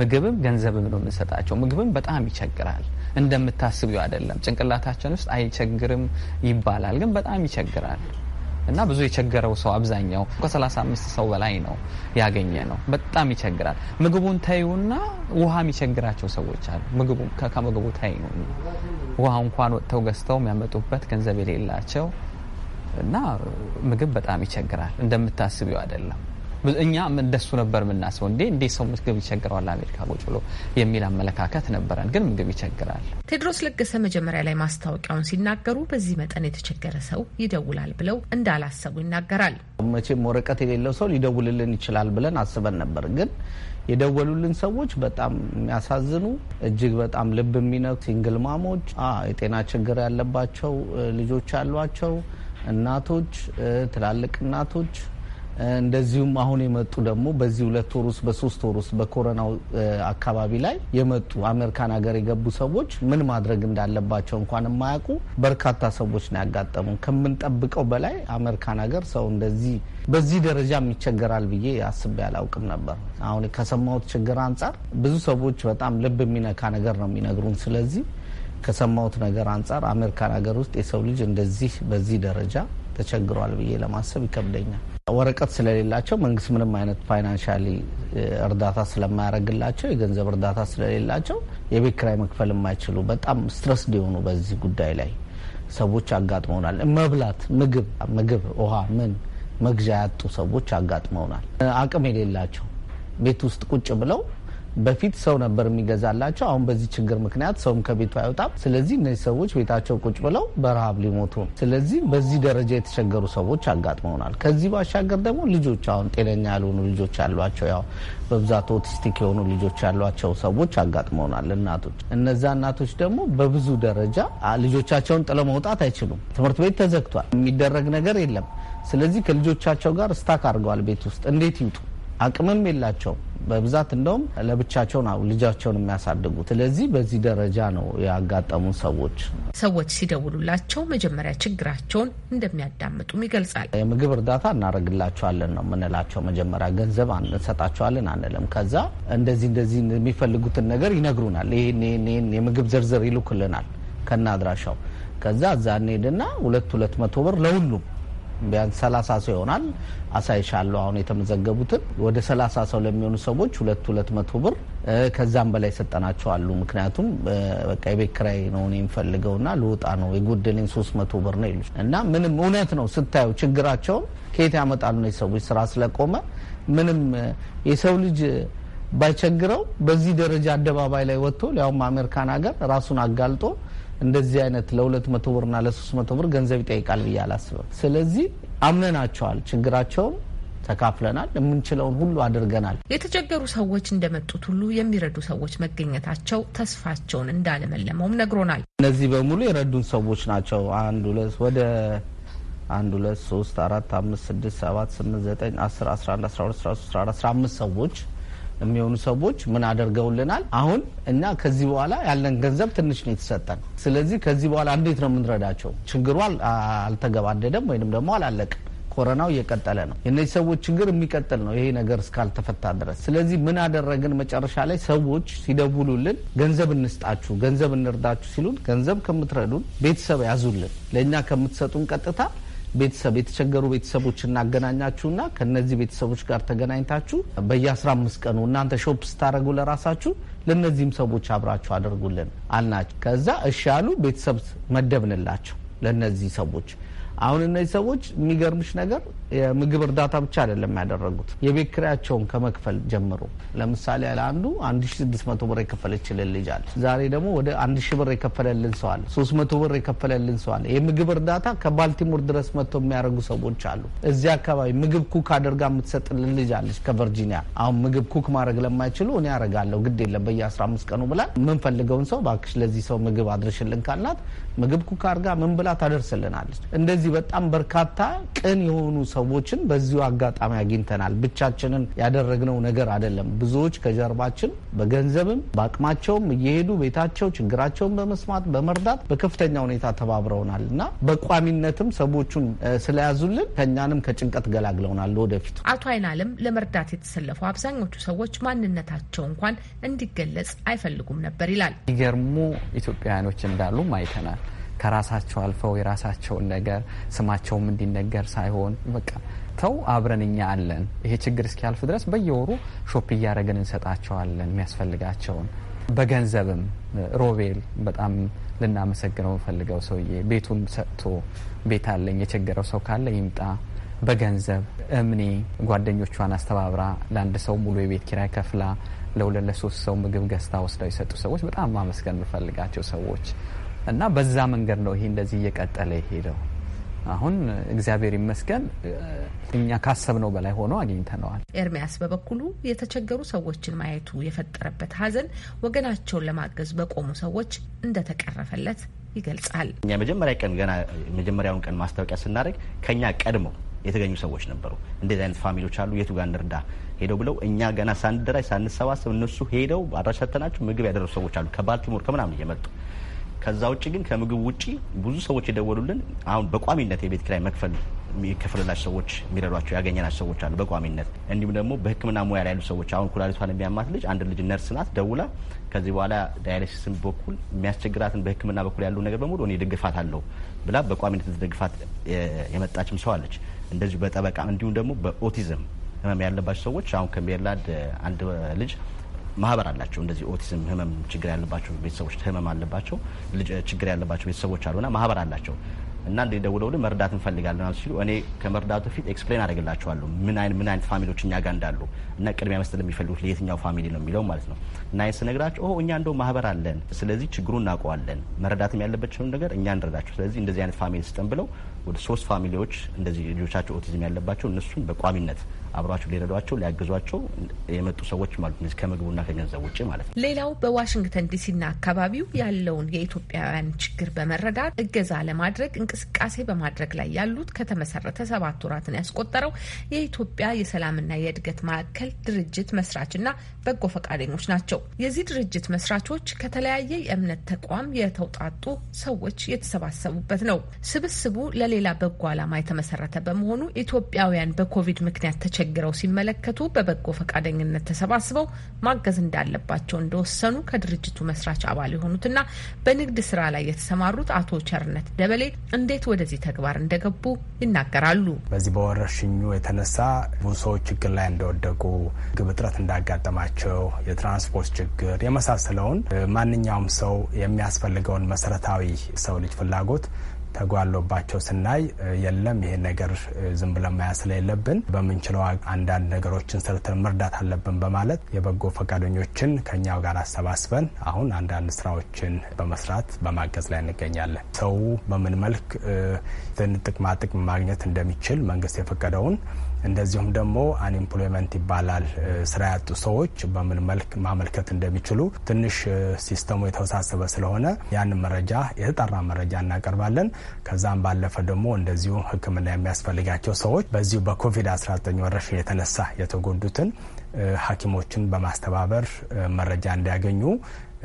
ምግብም ገንዘብም ነው የምንሰጣቸው። ምግብም በጣም ይቸግራል፣ እንደምታስቢው አይደለም። ጭንቅላታችን ውስጥ አይቸግርም ይባላል፣ ግን በጣም ይቸግራል። እና ብዙ የቸገረው ሰው አብዛኛው ከ35 ሰው በላይ ነው ያገኘ ነው። በጣም ይቸግራል። ምግቡን ተዩና ውሃ የሚቸግራቸው ሰዎች አሉ። ከምግቡ ተይ ነው ውሃ እንኳን ወጥተው ገዝተው የሚያመጡበት ገንዘብ የሌላቸው እና ምግብ በጣም ይቸግራል። እንደምታስቢው አይደለም። እኛ እንደሱ ነበር የምናስበው። እንዴ እንዴ ሰው ምግብ ይቸግረዋል አሜሪካ ቁጭ ብሎ የሚል አመለካከት ነበረን። ግን ምግብ ይቸግራል። ቴድሮስ ለገሰ መጀመሪያ ላይ ማስታወቂያውን ሲናገሩ በዚህ መጠን የተቸገረ ሰው ይደውላል ብለው እንዳላሰቡ ይናገራል። መቼም ወረቀት የሌለው ሰው ሊደውልልን ይችላል ብለን አስበን ነበር ግን የደወሉልን ሰዎች በጣም የሚያሳዝኑ እጅግ በጣም ልብ የሚነኩ ሲንግል ማሞች፣ የጤና ችግር ያለባቸው ልጆች ያሏቸው እናቶች፣ ትላልቅ እናቶች እንደዚሁም አሁን የመጡ ደግሞ በዚህ ሁለት ወር ውስጥ በሶስት ወር ውስጥ በኮረናው አካባቢ ላይ የመጡ አሜሪካን ሀገር የገቡ ሰዎች ምን ማድረግ እንዳለባቸው እንኳን የማያውቁ በርካታ ሰዎች ነው ያጋጠሙ። ከምንጠብቀው በላይ አሜሪካን ሀገር ሰው እንደዚህ በዚህ ደረጃም ይቸገራል ብዬ አስቤ አላውቅም ነበር። አሁን ከሰማሁት ችግር አንጻር ብዙ ሰዎች በጣም ልብ የሚነካ ነገር ነው የሚነግሩን። ስለዚህ ከሰማሁት ነገር አንጻር አሜሪካን ሀገር ውስጥ የሰው ልጅ እንደዚህ በዚህ ደረጃ ተቸግሯል ብዬ ለማሰብ ይከብደኛል። ወረቀት ስለሌላቸው መንግስት ምንም አይነት ፋይናንሻሊ እርዳታ ስለማያደርግላቸው የገንዘብ እርዳታ ስለሌላቸው የቤት ክራይ መክፈል የማይችሉ በጣም ስትረስ ሊሆኑ በዚህ ጉዳይ ላይ ሰዎች አጋጥመውናል። መብላት፣ ምግብ ምግብ፣ ውሃ፣ ምን መግዣ ያጡ ሰዎች አጋጥመውናል። አቅም የሌላቸው ቤት ውስጥ ቁጭ ብለው በፊት ሰው ነበር የሚገዛላቸው። አሁን በዚህ ችግር ምክንያት ሰውም ከቤቱ አይወጣም። ስለዚህ እነዚህ ሰዎች ቤታቸው ቁጭ ብለው በረሃብ ሊሞቱ ነው። ስለዚህ በዚህ ደረጃ የተቸገሩ ሰዎች አጋጥመውናል። ከዚህ ባሻገር ደግሞ ልጆች አሁን ጤነኛ ያልሆኑ ልጆች ያሏቸው ያው በብዛት ኦቲስቲክ የሆኑ ልጆች ያሏቸው ሰዎች አጋጥመውናል። እናቶች እነዛ እናቶች ደግሞ በብዙ ደረጃ ልጆቻቸውን ጥለው መውጣት አይችሉም። ትምህርት ቤት ተዘግቷል። የሚደረግ ነገር የለም። ስለዚህ ከልጆቻቸው ጋር ስታክ አድርገዋል ቤት ውስጥ እንዴት ይውጡ? አቅምም የላቸውም። በብዛት እንደውም ለብቻቸው ነው ልጃቸውን የሚያሳድጉት። ስለዚህ በዚህ ደረጃ ነው ያጋጠሙ ሰዎች ሰዎች ሲደውሉላቸው መጀመሪያ ችግራቸውን እንደሚያዳምጡም ይገልጻል። የምግብ እርዳታ እናደርግላቸዋለን ነው የምንላቸው። መጀመሪያ ገንዘብ እንሰጣቸዋለን አንልም። ከዛ እንደዚህ እንደዚህ የሚፈልጉትን ነገር ይነግሩናል። ይህን ይህን የምግብ ዝርዝር ይልኩልናል ከነ አድራሻው። ከዛ እዛ እንሄድና ሁለት ሁለት መቶ ብር ለሁሉም ቢያንስ ሰላሳ ሰው ይሆናል አሳይሻለሁ። አሁን የተመዘገቡትን ወደ ሰላሳ ሰው ለሚሆኑ ሰዎች ሁለት ሁለት መቶ ብር ከዛም በላይ ሰጠናቸዋሉ። ምክንያቱም በቃ የቤት ኪራይ ነው እኔ የምፈልገው ና ልውጣ ነው የጎደለኝ ሶስት መቶ ብር ነው ይሉ እና ምንም እውነት ነው ስታየው ችግራቸውን ከየት ያመጣሉ ነው ሰዎች ስራ ስለቆመ ምንም የሰው ልጅ ባይቸግረው በዚህ ደረጃ አደባባይ ላይ ወጥቶ ሊያውም አሜሪካን ሀገር ራሱን አጋልጦ እንደዚህ አይነት ለሁለት መቶ ብርና ለሶስት መቶ ብር ገንዘብ ይጠይቃል ብዬ አላስብም። ስለዚህ አምነናቸዋል። ችግራቸውም ተካፍለናል። የምንችለውን ሁሉ አድርገናል። የተቸገሩ ሰዎች እንደመጡት ሁሉ የሚረዱ ሰዎች መገኘታቸው ተስፋቸውን እንዳለመለመውም ነግሮናል። እነዚህ በሙሉ የረዱን ሰዎች ናቸው። አንድ ሁለት ወደ አንድ ሁለት ሶስት አራት አምስት ስድስት ሰባት ስምንት ዘጠኝ አስር አስራ አንድ አስራ ሁለት አስራ ሶስት አስራ አራት አስራ አምስት ሰዎች የሚሆኑ ሰዎች ምን አድርገውልናል አሁን እና ከዚህ በኋላ ያለን ገንዘብ ትንሽ ነው የተሰጠን። ስለዚህ ከዚህ በኋላ እንዴት ነው የምንረዳቸው? ችግሩ አልተገባደደም ወይንም ደግሞ አላለቅም። ኮረናው እየቀጠለ ነው። የእነዚህ ሰዎች ችግር የሚቀጥል ነው ይሄ ነገር እስካልተፈታ ድረስ። ስለዚህ ምን አደረግን? መጨረሻ ላይ ሰዎች ሲደውሉልን ገንዘብ እንስጣችሁ፣ ገንዘብ እንርዳችሁ ሲሉን ገንዘብ ከምትረዱን ቤተሰብ ያዙልን፣ ለእኛ ከምትሰጡን ቀጥታ ቤተሰብ የተቸገሩ ቤተሰቦች እናገናኛችሁና ከነዚህ ቤተሰቦች ጋር ተገናኝታችሁ በየ15 ቀኑ እናንተ ሾፕ ስታደረጉ ለራሳችሁ ለእነዚህም ሰዎች አብራችሁ አድርጉልን አልናቸው። ከዛ እሺ ያሉ ቤተሰብ መደብንላቸው ለነዚህ ሰዎች አሁን እነዚህ ሰዎች የሚገርምሽ ነገር የምግብ እርዳታ ብቻ አይደለም ያደረጉት፣ የቤት ኪራያቸውን ከመክፈል ጀምሮ ለምሳሌ ያለ አንዱ 1600 ብር የከፈለችልን ልጅ አለ። ዛሬ ደግሞ ወደ 1000 ብር የከፈለልን ሰው አለ። 300 ብር የከፈለልን ሰው አለ። የምግብ እርዳታ ከባልቲሞር ድረስ መጥቶ የሚያደርጉ ሰዎች አሉ። እዚህ አካባቢ ምግብ ኩክ አድርጋ የምትሰጥልን ልጅ አለች ከቨርጂኒያ። አሁን ምግብ ኩክ ማድረግ ለማይችሉ እኔ ያደርጋለሁ ግድ የለም በየ15 ቀኑ ብላል የምንፈልገውን ሰው እባክሽ ለዚህ ሰው ምግብ አድርሽልን ካልናት ምግብ ኩክ አድርጋ ምን ብላ ታደርስልናለች። እንደዚህ በጣም በርካታ ቅን የሆኑ ሰዎችን በዚሁ አጋጣሚ አግኝተናል። ብቻችንን ያደረግነው ነገር አይደለም። ብዙዎች ከጀርባችን በገንዘብም በአቅማቸውም እየሄዱ ቤታቸው ችግራቸውን በመስማት በመርዳት በከፍተኛ ሁኔታ ተባብረውናል እና በቋሚነትም ሰዎቹን ስለያዙልን ከእኛንም ከጭንቀት ገላግለውናል። ወደፊቱ አቶ አይናለም ለመርዳት የተሰለፈው አብዛኞቹ ሰዎች ማንነታቸው እንኳን እንዲገለጽ አይፈልጉም ነበር ይላል። ይገርሙ ኢትዮጵያውያኖች እንዳሉ አይተናል። ከራሳቸው አልፈው የራሳቸውን ነገር ስማቸውም እንዲነገር ሳይሆን በቃ ተው አብረን እኛ አለን፣ ይሄ ችግር እስኪያልፍ ድረስ በየወሩ ሾፕ እያደረግን እንሰጣቸዋለን የሚያስፈልጋቸውን። በገንዘብም ሮቤል በጣም ልናመሰግነው ፈልገው ሰውዬ ቤቱን ሰጥቶ ቤት አለኝ የቸገረው ሰው ካለ ይምጣ በገንዘብ እምኔ ጓደኞቿን አስተባብራ ለአንድ ሰው ሙሉ የቤት ኪራይ ከፍላ ለሁለት ለሶስት ሰው ምግብ ገዝታ ወስዳው የሰጡ ሰዎች በጣም ማመስገን የምፈልጋቸው ሰዎች እና በዛ መንገድ ነው ይሄ እንደዚህ እየቀጠለ የሄደው። አሁን እግዚአብሔር ይመስገን እኛ ካሰብነው በላይ ሆኖ አግኝተነዋል። ኤርሚያስ በበኩሉ የተቸገሩ ሰዎችን ማየቱ የፈጠረበት ሀዘን ወገናቸውን ለማገዝ በቆሙ ሰዎች እንደተቀረፈለት ይገልጻል። እኛ የመጀመሪያ ቀን ገና የመጀመሪያውን ቀን ማስታወቂያ ስናደርግ ከኛ ቀድመው የተገኙ ሰዎች ነበሩ። እንደዚህ አይነት ፋሚሊዎች አሉ፣ የቱ ጋር እንርዳ ሄደው ብለው እኛ ገና ሳንደራጅ ሳንሰባሰብ እነሱ ሄደው አድራሻተናቸው ምግብ ያደረሱ ሰዎች አሉ። ከባልቲሞር ከምናምን እየመጡ ከዛ ውጭ ግን ከምግብ ውጭ ብዙ ሰዎች የደወሉልን አሁን በቋሚነት የቤት ኪራይ መክፈል የሚከፍልላቸው ሰዎች የሚረዷቸው ያገኘናቸው ሰዎች አሉ በቋሚነት። እንዲሁም ደግሞ በህክምና ሙያ ላይ ያሉ ሰዎች አሁን ኩላሊቷን የሚያማት ልጅ አንድ ልጅ ነርስ ናት ደውላ ከዚህ በኋላ ዳያሊሲስን በኩል የሚያስቸግራትን በህክምና በኩል ያለው ነገር በሙሉ እኔ ደግፋት አለው ብላ በቋሚነት ደግፋት የመጣችም ሰው አለች። እንደዚሁ በጠበቃ እንዲሁም ደግሞ በኦቲዝም ህመም ያለባቸው ሰዎች አሁን ከሜሪላንድ አንድ ልጅ ማህበር አላቸው። እንደዚህ ኦቲዝም ህመም ችግር ያለባቸው ቤተሰቦች ህመም አለባቸው ችግር ያለባቸው ቤተሰቦች አሉና ማህበር አላቸው እና እንደ እንዲደውለውልን መርዳት እንፈልጋለን ሲሉ እኔ ከመርዳቱ ፊት ኤክስፕሌን አደርግላቸዋለሁ ምን አይነት ፋሚሊዎች እኛ ጋር እንዳሉ እና ቅድሚያ መስጠት የሚፈልጉት ለየትኛው ፋሚሊ ነው የሚለው ማለት ነው። እና ይህን ስነግራቸው ኦ እኛ እንደው ማህበር አለን፣ ስለዚህ ችግሩ እናውቀዋለን፣ መረዳትም ያለባቸውን ነገር እኛ እንረዳቸው፣ ስለዚህ እንደዚህ አይነት ፋሚሊ ስጠን ብለው ወደ ሶስት ፋሚሊዎች እንደዚህ ልጆቻቸው ኦቲዝም ያለባቸው እነሱን በቋሚነት አብሯቸው ሊረዷቸው ሊያግዟቸው የመጡ ሰዎች ማለት ነው። ከምግቡና ከገንዘብ ውጭ ማለት ነው። ሌላው በዋሽንግተን ዲሲና አካባቢው ያለውን የኢትዮጵያውያን ችግር በመረዳት እገዛ ለማድረግ እንቅስቃሴ በማድረግ ላይ ያሉት ከተመሰረተ ሰባት ወራትን ያስቆጠረው የኢትዮጵያ የሰላምና የእድገት ማዕከል ድርጅት መስራችና በጎ ፈቃደኞች ናቸው። የዚህ ድርጅት መስራቾች ከተለያየ የእምነት ተቋም የተውጣጡ ሰዎች የተሰባሰቡበት ነው። ስብስቡ ለሌላ በጎ ዓላማ የተመሰረተ በመሆኑ ኢትዮጵያውያን በኮቪድ ምክንያት ተቸ ተቸግረው ሲመለከቱ በበጎ ፈቃደኝነት ተሰባስበው ማገዝ እንዳለባቸው እንደወሰኑ ከድርጅቱ መስራች አባል የሆኑትና በንግድ ስራ ላይ የተሰማሩት አቶ ቸርነት ደበሌ እንዴት ወደዚህ ተግባር እንደገቡ ይናገራሉ። በዚህ በወረርሽኙ የተነሳ ብዙ ሰዎች ችግር ላይ እንደወደቁ፣ ምግብ እጥረት እንዳጋጠማቸው፣ የትራንስፖርት ችግር የመሳሰለውን ማንኛውም ሰው የሚያስፈልገውን መሰረታዊ ሰው ልጅ ፍላጎት ተጓሎባቸው ስናይ የለም ይሄ ነገር ዝም ብለን መያዝ ስለሌለብን በምንችለው አንዳንድ ነገሮችን ሰርተን መርዳት አለብን በማለት የበጎ ፈቃደኞችን ከኛው ጋር አሰባስበን አሁን አንዳንድ ስራዎችን በመስራት በማገዝ ላይ እንገኛለን። ሰው በምን መልክ ጥቅማ ጥቅም ማግኘት እንደሚችል መንግስት የፈቀደውን እንደዚሁም ደግሞ አንኤምፕሎይመንት ይባላል ስራ ያጡ ሰዎች በምን መልክ ማመልከት እንደሚችሉ ትንሽ ሲስተሙ የተወሳሰበ ስለሆነ ያንን መረጃ የተጠራ መረጃ እናቀርባለን። ከዛም ባለፈ ደግሞ እንደዚሁ ሕክምና የሚያስፈልጋቸው ሰዎች በዚሁ በኮቪድ-19 ወረርሽኝ የተነሳ የተጎዱትን ሐኪሞችን በማስተባበር መረጃ እንዲያገኙ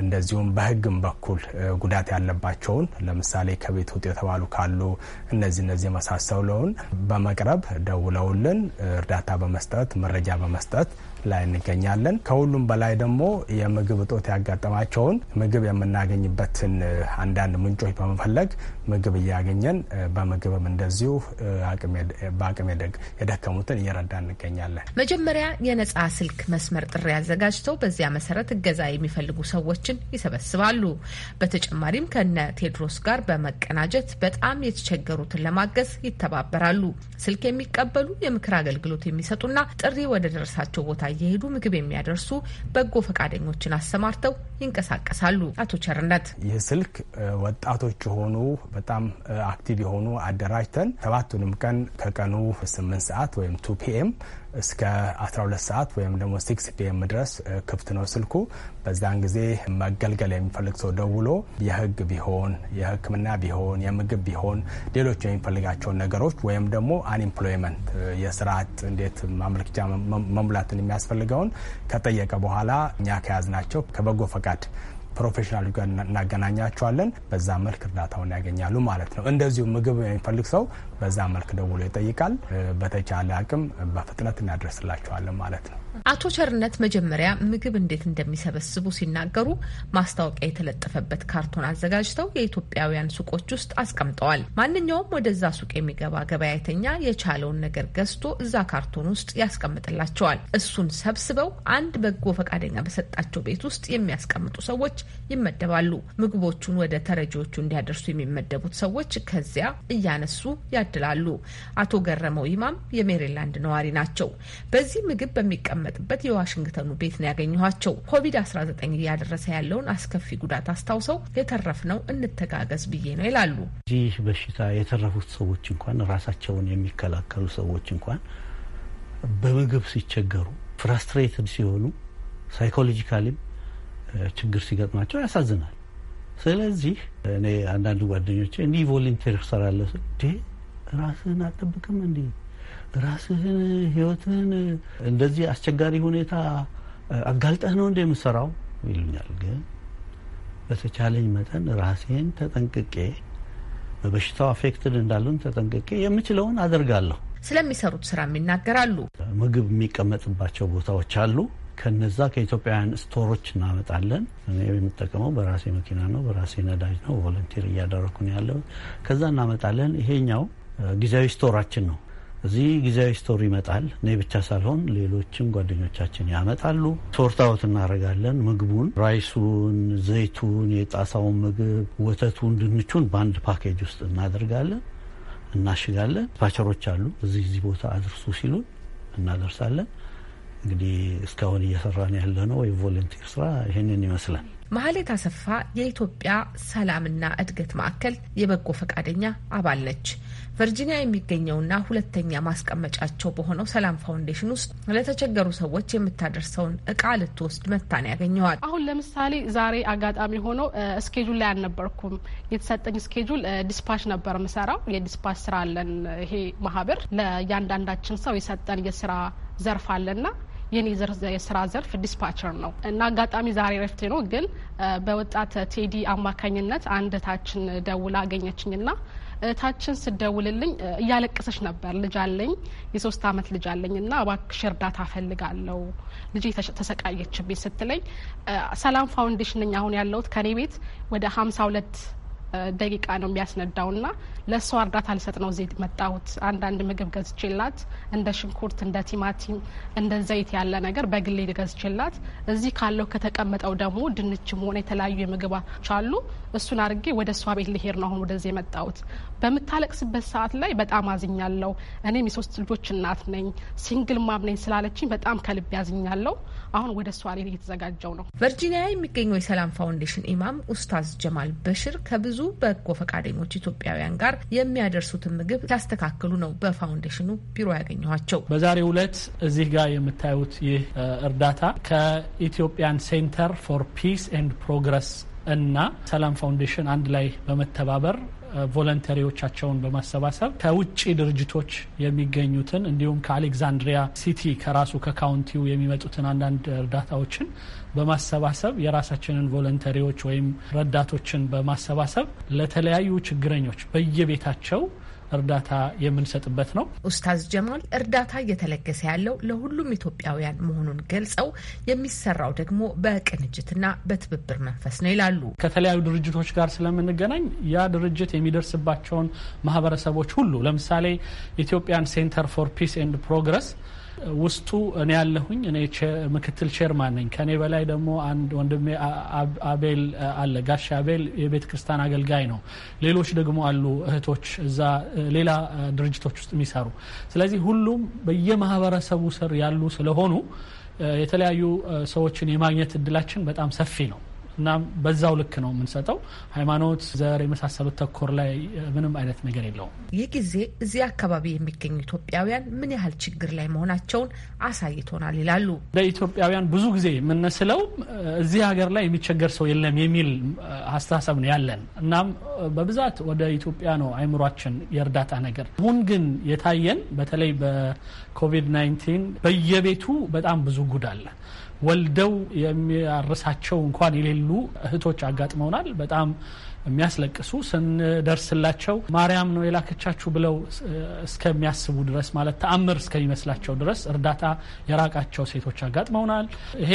እንደዚሁም በህግም በኩል ጉዳት ያለባቸውን ለምሳሌ ከቤት ውጥ የተባሉ ካሉ እነዚህ እነዚህ የመሳሰለውን በመቅረብ ደውለውልን እርዳታ በመስጠት መረጃ በመስጠት ላይ እንገኛለን። ከሁሉም በላይ ደግሞ የምግብ እጦት ያጋጠማቸውን ምግብ የምናገኝበትን አንዳንድ ምንጮች በመፈለግ ምግብ እያገኘን በምግብም እንደዚሁ በአቅም የደከሙትን እየረዳ እንገኛለን። መጀመሪያ የነጻ ስልክ መስመር ጥሪ አዘጋጅተው በዚያ መሰረት እገዛ የሚፈልጉ ሰዎችን ይሰበስባሉ። በተጨማሪም ከነ ቴድሮስ ጋር በመቀናጀት በጣም የተቸገሩትን ለማገዝ ይተባበራሉ። ስልክ የሚቀበሉ የምክር አገልግሎት የሚሰጡና ጥሪ ወደ ደረሳቸው ቦታ እየሄዱ ምግብ የሚያደርሱ በጎ ፈቃደኞችን አሰማርተው ይንቀሳቀሳሉ። አቶ ቸርነት ይህ ስልክ ወጣቶች የሆኑ በጣም አክቲቭ የሆኑ አደራጅተን ሰባቱንም ቀን ከቀኑ ስምንት ሰዓት ወይም ቱ ፒኤም እስከ 12 ሰዓት ወይም ደግሞ ሲክስ ፒኤም ድረስ ክፍት ነው ስልኩ። በዛን ጊዜ መገልገል የሚፈልግ ሰው ደውሎ የህግ ቢሆን የህክምና ቢሆን የምግብ ቢሆን ሌሎች የሚፈልጋቸውን ነገሮች ወይም ደግሞ አንኤምፕሎይመንት የስርዓት እንዴት ማመልከቻ መሙላትን የሚያስፈልገውን ከጠየቀ በኋላ እኛ ከያዝናቸው ከበጎ ፈቃድ ፕሮፌሽናል ጋር እናገናኛቸዋለን። በዛ መልክ እርዳታውን ያገኛሉ ማለት ነው። እንደዚሁ ምግብ የሚፈልግ ሰው በዛ መልክ ደውሎ ይጠይቃል። በተቻለ አቅም በፍጥነት እናደርስላቸዋለን ማለት ነው። አቶ ቸርነት መጀመሪያ ምግብ እንዴት እንደሚሰበስቡ ሲናገሩ ማስታወቂያ የተለጠፈበት ካርቶን አዘጋጅተው የኢትዮጵያውያን ሱቆች ውስጥ አስቀምጠዋል። ማንኛውም ወደዛ ሱቅ የሚገባ ገበያተኛ የቻለውን ነገር ገዝቶ እዛ ካርቶን ውስጥ ያስቀምጥላቸዋል። እሱን ሰብስበው አንድ በጎ ፈቃደኛ በሰጣቸው ቤት ውስጥ የሚያስቀምጡ ሰዎች ይመደባሉ። ምግቦቹን ወደ ተረጂዎቹ እንዲያደርሱ የሚመደቡት ሰዎች ከዚያ እያነሱ ያ ያድላሉ። አቶ ገረመው ኢማም የሜሪላንድ ነዋሪ ናቸው። በዚህ ምግብ በሚቀመጥበት የዋሽንግተኑ ቤት ነው ያገኘኋቸው። ኮቪድ-19 እያደረሰ ያለውን አስከፊ ጉዳት አስታውሰው የተረፍነው እንተጋገዝ ብዬ ነው ይላሉ። ይህ በሽታ የተረፉት ሰዎች እንኳን ራሳቸውን የሚከላከሉ ሰዎች እንኳን በምግብ ሲቸገሩ ፍራስትሬትድ ሲሆኑ ሳይኮሎጂካሊም ችግር ሲገጥማቸው ያሳዝናል። ስለዚህ እኔ አንዳንድ ጓደኞች እንዲህ ቮለንቴር ትሰራለህ ራስህን አጠብቅም እንዲ ራስህን ህይወትህን እንደዚህ አስቸጋሪ ሁኔታ አጋልጠህ ነው እንደ የምሰራው ይሉኛል። ግን በተቻለኝ መጠን ራሴን ተጠንቅቄ በበሽታው አፌክትድ እንዳሉን ተጠንቅቄ የምችለውን አደርጋለሁ። ስለሚሰሩት ስራም ይናገራሉ። ምግብ የሚቀመጥባቸው ቦታዎች አሉ። ከነዛ ከኢትዮጵያውያን ስቶሮች እናመጣለን። እኔ የምጠቀመው በራሴ መኪና ነው፣ በራሴ ነዳጅ ነው። ቮለንቲር እያደረኩ ነው ያለው። ከዛ እናመጣለን። ይሄኛው ጊዜያዊ ስቶራችን ነው። እዚህ ጊዜያዊ ስቶር ይመጣል። እኔ ብቻ ሳልሆን ሌሎችም ጓደኞቻችን ያመጣሉ። ሶርት አውት እናደርጋለን። ምግቡን፣ ራይሱን፣ ዘይቱን፣ የጣሳውን ምግብ፣ ወተቱን፣ ድንቹን በአንድ ፓኬጅ ውስጥ እናደርጋለን፣ እናሽጋለን። ፓቸሮች አሉ። እዚህ እዚህ ቦታ አድርሱ ሲሉን እናደርሳለን። እንግዲህ እስካሁን እየሰራን ያለ ነው ወይ ቮለንቲር ስራ ይህንን ይመስላል። መሀሌት አሰፋ የኢትዮጵያ ሰላምና እድገት ማዕከል የበጎ ፈቃደኛ አባል ነች። ቨርጂኒያ የሚገኘውና ሁለተኛ ማስቀመጫቸው በሆነው ሰላም ፋውንዴሽን ውስጥ ለተቸገሩ ሰዎች የምታደርሰውን እቃ ልትወስድ መታን ያገኘዋል። አሁን ለምሳሌ ዛሬ አጋጣሚ ሆኖ ስኬጁል ላይ አልነበርኩም። የተሰጠኝ ስኬጁል ዲስፓች ነበር ምሰራው። የዲስፓች ስራ አለን። ይሄ ማህበር ለእያንዳንዳችን ሰው የሰጠን የስራ ዘርፍ አለና የኔ የስራ ዘርፍ ዲስፓቸር ነው እና አጋጣሚ ዛሬ ረፍቴ ነው፣ ግን በወጣት ቴዲ አማካኝነት አንድ ደውላ አገኘችኝና እህታችን ስደውልልኝ እያለቀሰች ነበር። ልጅ አለኝ የሶስት አመት ልጅ አለኝ እና እባክሽ እርዳታ እፈልጋለሁ ልጅ ተሰቃየችብኝ ስትለኝ ሰላም ፋውንዴሽን ነኝ አሁን ያለሁት ከኔ ቤት ወደ ሀምሳ ሁለት ደቂቃ ነው የሚያስነዳው ና ለእሷ እርዳታ ልሰጥ ነው እዚህ መጣሁት። አንዳንድ ምግብ ገዝቼላት እንደ ሽንኩርት፣ እንደ ቲማቲም፣ እንደ ዘይት ያለ ነገር በግሌ ገዝቼላት እዚህ ካለው ከተቀመጠው ደግሞ ድንችም ሆነ የተለያዩ የምግባች አሉ። እሱን አድርጌ ወደ እሷ ቤት ልሄድ ነው አሁን ወደዚህ የመጣሁት። በምታለቅስበት ሰዓት ላይ በጣም አዝኛለሁ። እኔም የሶስት ልጆች እናት ነኝ፣ ሲንግል ማም ነኝ ስላለችኝ በጣም ከልብ ያዝኛለሁ። አሁን ወደ እሷ ቤት እየተዘጋጀው ነው። ቨርጂኒያ የሚገኘው የሰላም ፋውንዴሽን ኢማም ኡስታዝ ጀማል በሽር ከብዙ ብዙ በጎ ፈቃደኞች ኢትዮጵያውያን ጋር የሚያደርሱትን ምግብ ሲያስተካክሉ ነው በፋውንዴሽኑ ቢሮ ያገኘኋቸው። በዛሬው ዕለት እዚህ ጋር የምታዩት ይህ እርዳታ ከኢትዮጵያን ሴንተር ፎር ፒስ ኤንድ ፕሮግረስ እና ሰላም ፋውንዴሽን አንድ ላይ በመተባበር ቮለንተሪዎቻቸውን በማሰባሰብ ከውጭ ድርጅቶች የሚገኙትን እንዲሁም ከአሌክዛንድሪያ ሲቲ ከራሱ ከካውንቲው የሚመጡትን አንዳንድ እርዳታዎችን በማሰባሰብ የራሳችንን ቮለንተሪዎች ወይም ረዳቶችን በማሰባሰብ ለተለያዩ ችግረኞች በየቤታቸው እርዳታ የምንሰጥበት ነው። ኡስታዝ ጀማል እርዳታ እየተለገሰ ያለው ለሁሉም ኢትዮጵያውያን መሆኑን ገልጸው የሚሰራው ደግሞ በቅንጅትና በትብብር መንፈስ ነው ይላሉ። ከተለያዩ ድርጅቶች ጋር ስለምንገናኝ ያ ድርጅት የሚደርስባቸውን ማህበረሰቦች ሁሉ ለምሳሌ ኢትዮጵያን ሴንተር ፎር ፒስ ኤንድ ፕሮግረስ ውስጡ እኔ ያለሁኝ እኔ ምክትል ቼርማን ነኝ። ከእኔ በላይ ደግሞ አንድ ወንድሜ አቤል አለ። ጋሽ አቤል የቤተ ክርስቲያን አገልጋይ ነው። ሌሎች ደግሞ አሉ እህቶች እዛ ሌላ ድርጅቶች ውስጥ የሚሰሩ ስለዚህ ሁሉም በየማህበረሰቡ ስር ያሉ ስለሆኑ የተለያዩ ሰዎችን የማግኘት እድላችን በጣም ሰፊ ነው። እና በዛው ልክ ነው የምንሰጠው። ሃይማኖት፣ ዘር የመሳሰሉት ተኮር ላይ ምንም አይነት ነገር የለውም። ይህ ጊዜ እዚህ አካባቢ የሚገኙ ኢትዮጵያውያን ምን ያህል ችግር ላይ መሆናቸውን አሳይቶናል ይላሉ። ለኢትዮጵያውያን ብዙ ጊዜ የምንስለው እዚህ ሀገር ላይ የሚቸገር ሰው የለም የሚል አስተሳሰብ ነው ያለን። እናም በብዛት ወደ ኢትዮጵያ ነው አይምሯችን የእርዳታ ነገር። አሁን ግን የታየን በተለይ በኮቪድ-19 በየቤቱ በጣም ብዙ ጉድ አለ። ወልደው የሚያርሳቸው እንኳን የሌሉ እህቶች አጋጥመውናል። በጣም የሚያስለቅሱ ስንደርስላቸው ማርያም ነው የላከቻችሁ ብለው እስከሚያስቡ ድረስ ማለት ተአምር እስከሚመስላቸው ድረስ እርዳታ የራቃቸው ሴቶች አጋጥመውናል። ይሄ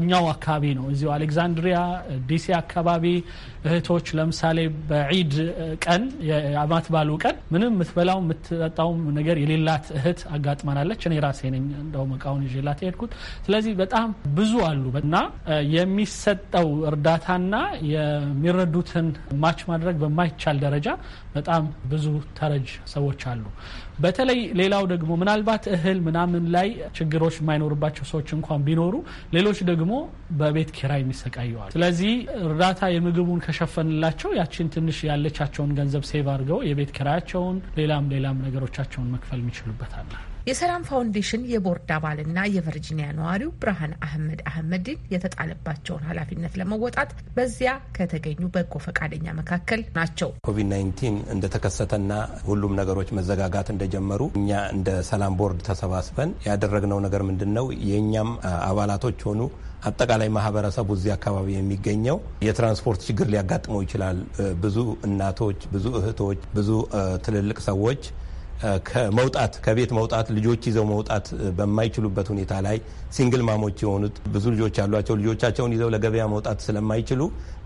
እኛው አካባቢ ነው። እዚሁ አሌክዛንድሪያ ዲሲ አካባቢ እህቶች ለምሳሌ በዒድ ቀን የአማት ባሉ ቀን ምንም የምትበላው የምትጠጣውም ነገር የሌላት እህት አጋጥመናለች። እኔ ራሴ ነኝ እንደውም እቃውን ይዤላት የሄድኩት። ስለዚህ በጣም ብዙ አሉ እና የሚሰጠው እርዳታና የሚረዱትን ማች ማድረግ በማይቻል ደረጃ በጣም ብዙ ተረጅ ሰዎች አሉ። በተለይ ሌላው ደግሞ ምናልባት እህል ምናምን ላይ ችግሮች የማይኖርባቸው ሰዎች እንኳን ቢኖሩ ሌሎች ደግሞ በቤት ኪራይ የሚሰቃየዋል። ስለዚህ እርዳታ የምግቡን ከሸፈንላቸው ያችን ትንሽ ያለቻቸውን ገንዘብ ሴቭ አድርገው የቤት ኪራያቸውን ሌላም ሌላም ነገሮቻቸውን መክፈል የሚችሉበታል። የሰላም ፋውንዴሽን የቦርድ አባልና የቨርጂኒያ ነዋሪው ብርሃን አህመድ አህመድን የተጣለባቸውን ኃላፊነት ለመወጣት በዚያ ከተገኙ በጎ ፈቃደኛ መካከል ናቸው። ኮቪድ 19 እንደተከሰተና ሁሉም ነገሮች መዘጋጋት እንደጀመሩ እኛ እንደ ሰላም ቦርድ ተሰባስበን ያደረግነው ነገር ምንድን ነው? የእኛም አባላቶች ሆኑ አጠቃላይ ማህበረሰቡ እዚህ አካባቢ የሚገኘው የትራንስፖርት ችግር ሊያጋጥመው ይችላል። ብዙ እናቶች፣ ብዙ እህቶች፣ ብዙ ትልልቅ ሰዎች ከመውጣት ከቤት መውጣት ልጆች ይዘው መውጣት በማይችሉበት ሁኔታ ላይ ሲንግል ማሞች የሆኑት ብዙ ልጆች ያሏቸው ልጆቻቸውን ይዘው ለገበያ መውጣት ስለማይችሉ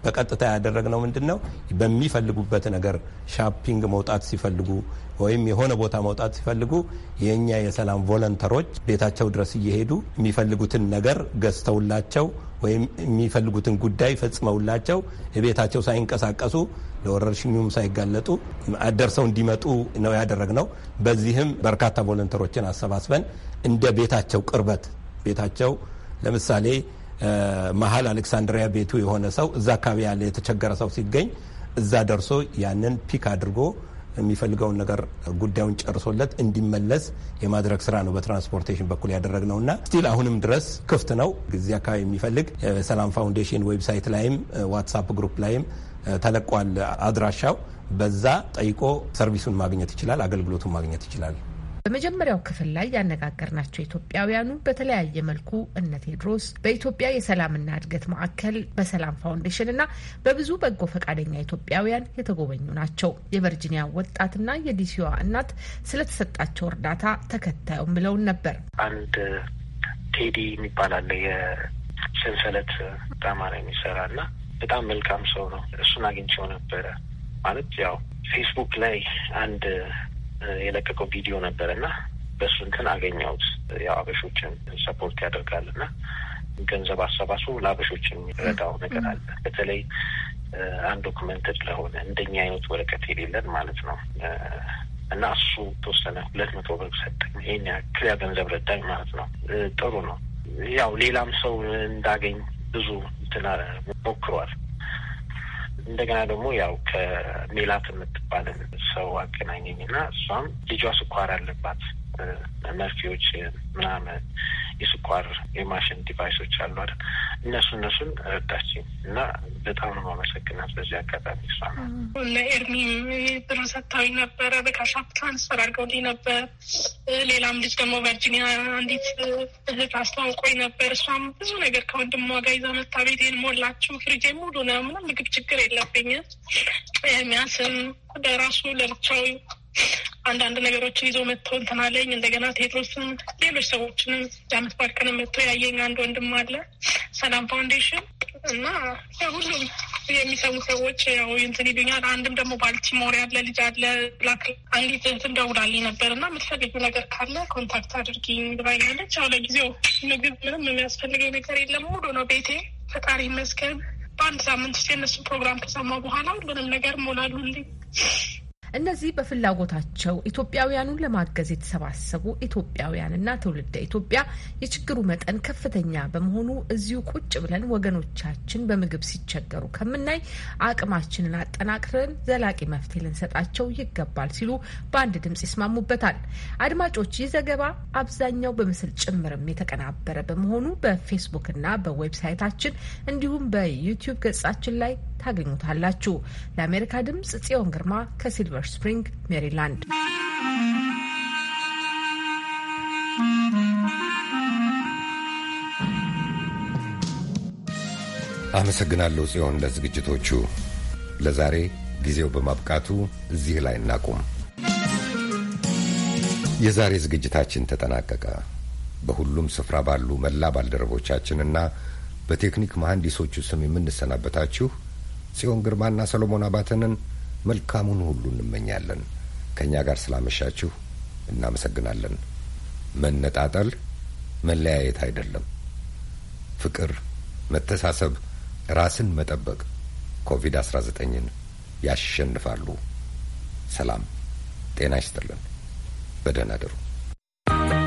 በቀጥታ ያደረግነው ምንድን ነው? በሚፈልጉበት ነገር ሻፒንግ መውጣት ሲፈልጉ ወይም የሆነ ቦታ መውጣት ሲፈልጉ የእኛ የሰላም ቮለንተሮች ቤታቸው ድረስ እየሄዱ የሚፈልጉትን ነገር ገዝተውላቸው ወይም የሚፈልጉትን ጉዳይ ፈጽመውላቸው የቤታቸው ሳይንቀሳቀሱ ለወረርሽኙም ሳይጋለጡ ደርሰው እንዲመጡ ነው ያደረግነው። በዚህም በርካታ ቮለንተሮችን አሰባስበን እንደ ቤታቸው ቅርበት ቤታቸው ለምሳሌ መሀል አሌክሳንድሪያ ቤቱ የሆነ ሰው እዛ አካባቢ ያለ የተቸገረ ሰው ሲገኝ እዛ ደርሶ ያንን ፒክ አድርጎ የሚፈልገውን ነገር ጉዳዩን ጨርሶለት እንዲመለስ የማድረግ ስራ ነው በትራንስፖርቴሽን በኩል ያደረግ ነው እና ስቲል አሁንም ድረስ ክፍት ነው። እዚህ አካባቢ የሚፈልግ ሰላም ፋውንዴሽን ዌብሳይት ላይም ዋትሳፕ ግሩፕ ላይም ተለቋል አድራሻው። በዛ ጠይቆ ሰርቪሱን ማግኘት ይችላል፣ አገልግሎቱን ማግኘት ይችላል። በመጀመሪያው ክፍል ላይ ያነጋገርናቸው ኢትዮጵያውያኑ በተለያየ መልኩ እነ ቴድሮስ በኢትዮጵያ የሰላምና እድገት ማዕከል በሰላም ፋውንዴሽን እና በብዙ በጎ ፈቃደኛ ኢትዮጵያውያን የተጎበኙ ናቸው። የቨርጂኒያ ወጣትና የዲሲዋ እናት ስለተሰጣቸው እርዳታ ተከታዩም ብለውን ነበር። አንድ ቴዲ የሚባላለ አለ የሰንሰለት ጣማራ የሚሰራ እና በጣም መልካም ሰው ነው። እሱን አግኝቼው ነበረ ማለት ያው ፌስቡክ ላይ አንድ የለቀቀው ቪዲዮ ነበር እና በሱ እንትን አገኘሁት። ያው አበሾችን ሰፖርት ያደርጋል እና ገንዘብ አሰባሱ ለአበሾች የሚረዳው ነገር አለ። በተለይ አንድ ዶክመንትድ ለሆነ እንደኛ አይነት ወረቀት የሌለን ማለት ነው እና እሱ ተወሰነ ሁለት መቶ ብር ሰጠኝ። ይህን ያክል ገንዘብ ረዳኝ ማለት ነው። ጥሩ ነው። ያው ሌላም ሰው እንዳገኝ ብዙ ሞክሯል። እንደገና ደግሞ ያው ከሜላት የምትባልን ሰው አገናኘኝና እሷም ልጇ ስኳር አለባት መርፌዎች ምናምን የስኳር የማሽን ዲቫይሶች አሉ አይደል? እነሱ እነሱን ረዳችኝ እና በጣም ነው የማመሰግናት በዚህ አጋጣሚ። እሷ ለኤርሚ ብር ሰጥታዊ ነበረ። በካሻፕ ትራንስፈር አድርገውልኝ ነበር። ሌላም ልጅ ደግሞ ቨርጂኒያ አንዲት እህት አስተዋውቆኝ ነበር። እሷም ብዙ ነገር ከወንድሟ ጋር ይዛ መታ ቤቴን ሞላችሁ። ፍሪጄ ሙሉ ነው። ምንም ምግብ ችግር የለብኝም። ኤርሚያስም ወደ ለብቻው አንዳንድ ነገሮችን ይዞ መጥተው እንትን አለኝ። እንደገና ቴድሮስም ሌሎች ሰዎችንም የአመት በዓል ቀን መጥተው ያየኝ አንድ ወንድም አለ ሰላም ፋውንዴሽን እና ሁሉም የሚሰሙ ሰዎች ያው እንትን ይሉኛል። አንድም ደግሞ ባልቲሞር ያለ ልጅ አለ ብላክ አንዲት እንትን ደውላልኝ ነበር እና የምትፈልጊው ነገር ካለ ኮንታክት አድርጊኝ ብላኛለች። አሁ ለጊዜው ምግብ ምንም የሚያስፈልገው ነገር የለም ሙሉ ነው ቤቴ። ፈጣሪ ይመስገን። በአንድ ሳምንት ውስጥ የእነሱን ፕሮግራም ከሰማ በኋላ ሁሉንም ነገር ሞላሉልኝ። እነዚህ በፍላጎታቸው ኢትዮጵያውያኑን ለማገዝ የተሰባሰቡ ኢትዮጵያውያንና ትውልደ ኢትዮጵያ የችግሩ መጠን ከፍተኛ በመሆኑ እዚሁ ቁጭ ብለን ወገኖቻችን በምግብ ሲቸገሩ ከምናይ አቅማችንን አጠናክረን ዘላቂ መፍትሄ ልንሰጣቸው ይገባል ሲሉ በአንድ ድምጽ ይስማሙበታል። አድማጮች፣ ይህ ዘገባ አብዛኛው በምስል ጭምርም የተቀናበረ በመሆኑ በፌስቡክና በዌብሳይታችን እንዲሁም በዩቲዩብ ገጻችን ላይ ታገኙታላችሁ። ለአሜሪካ ድምፅ ጽዮን ግርማ ከሲልቨር ስፕሪንግ ሜሪላንድ። አመሰግናለሁ ጽዮን ለዝግጅቶቹ። ለዛሬ ጊዜው በማብቃቱ እዚህ ላይ እናቁም። የዛሬ ዝግጅታችን ተጠናቀቀ። በሁሉም ስፍራ ባሉ መላ ባልደረቦቻችንና በቴክኒክ መሐንዲሶቹ ስም የምንሰናበታችሁ ጽዮን ግርማና ሰሎሞን አባተንን መልካሙን ሁሉ እንመኛለን። ከእኛ ጋር ስላመሻችሁ እናመሰግናለን። መነጣጠል መለያየት አይደለም። ፍቅር፣ መተሳሰብ፣ ራስን መጠበቅ ኮቪድ-19ን ያሸንፋሉ። ሰላም ጤና ይስጥልን። በደህና you.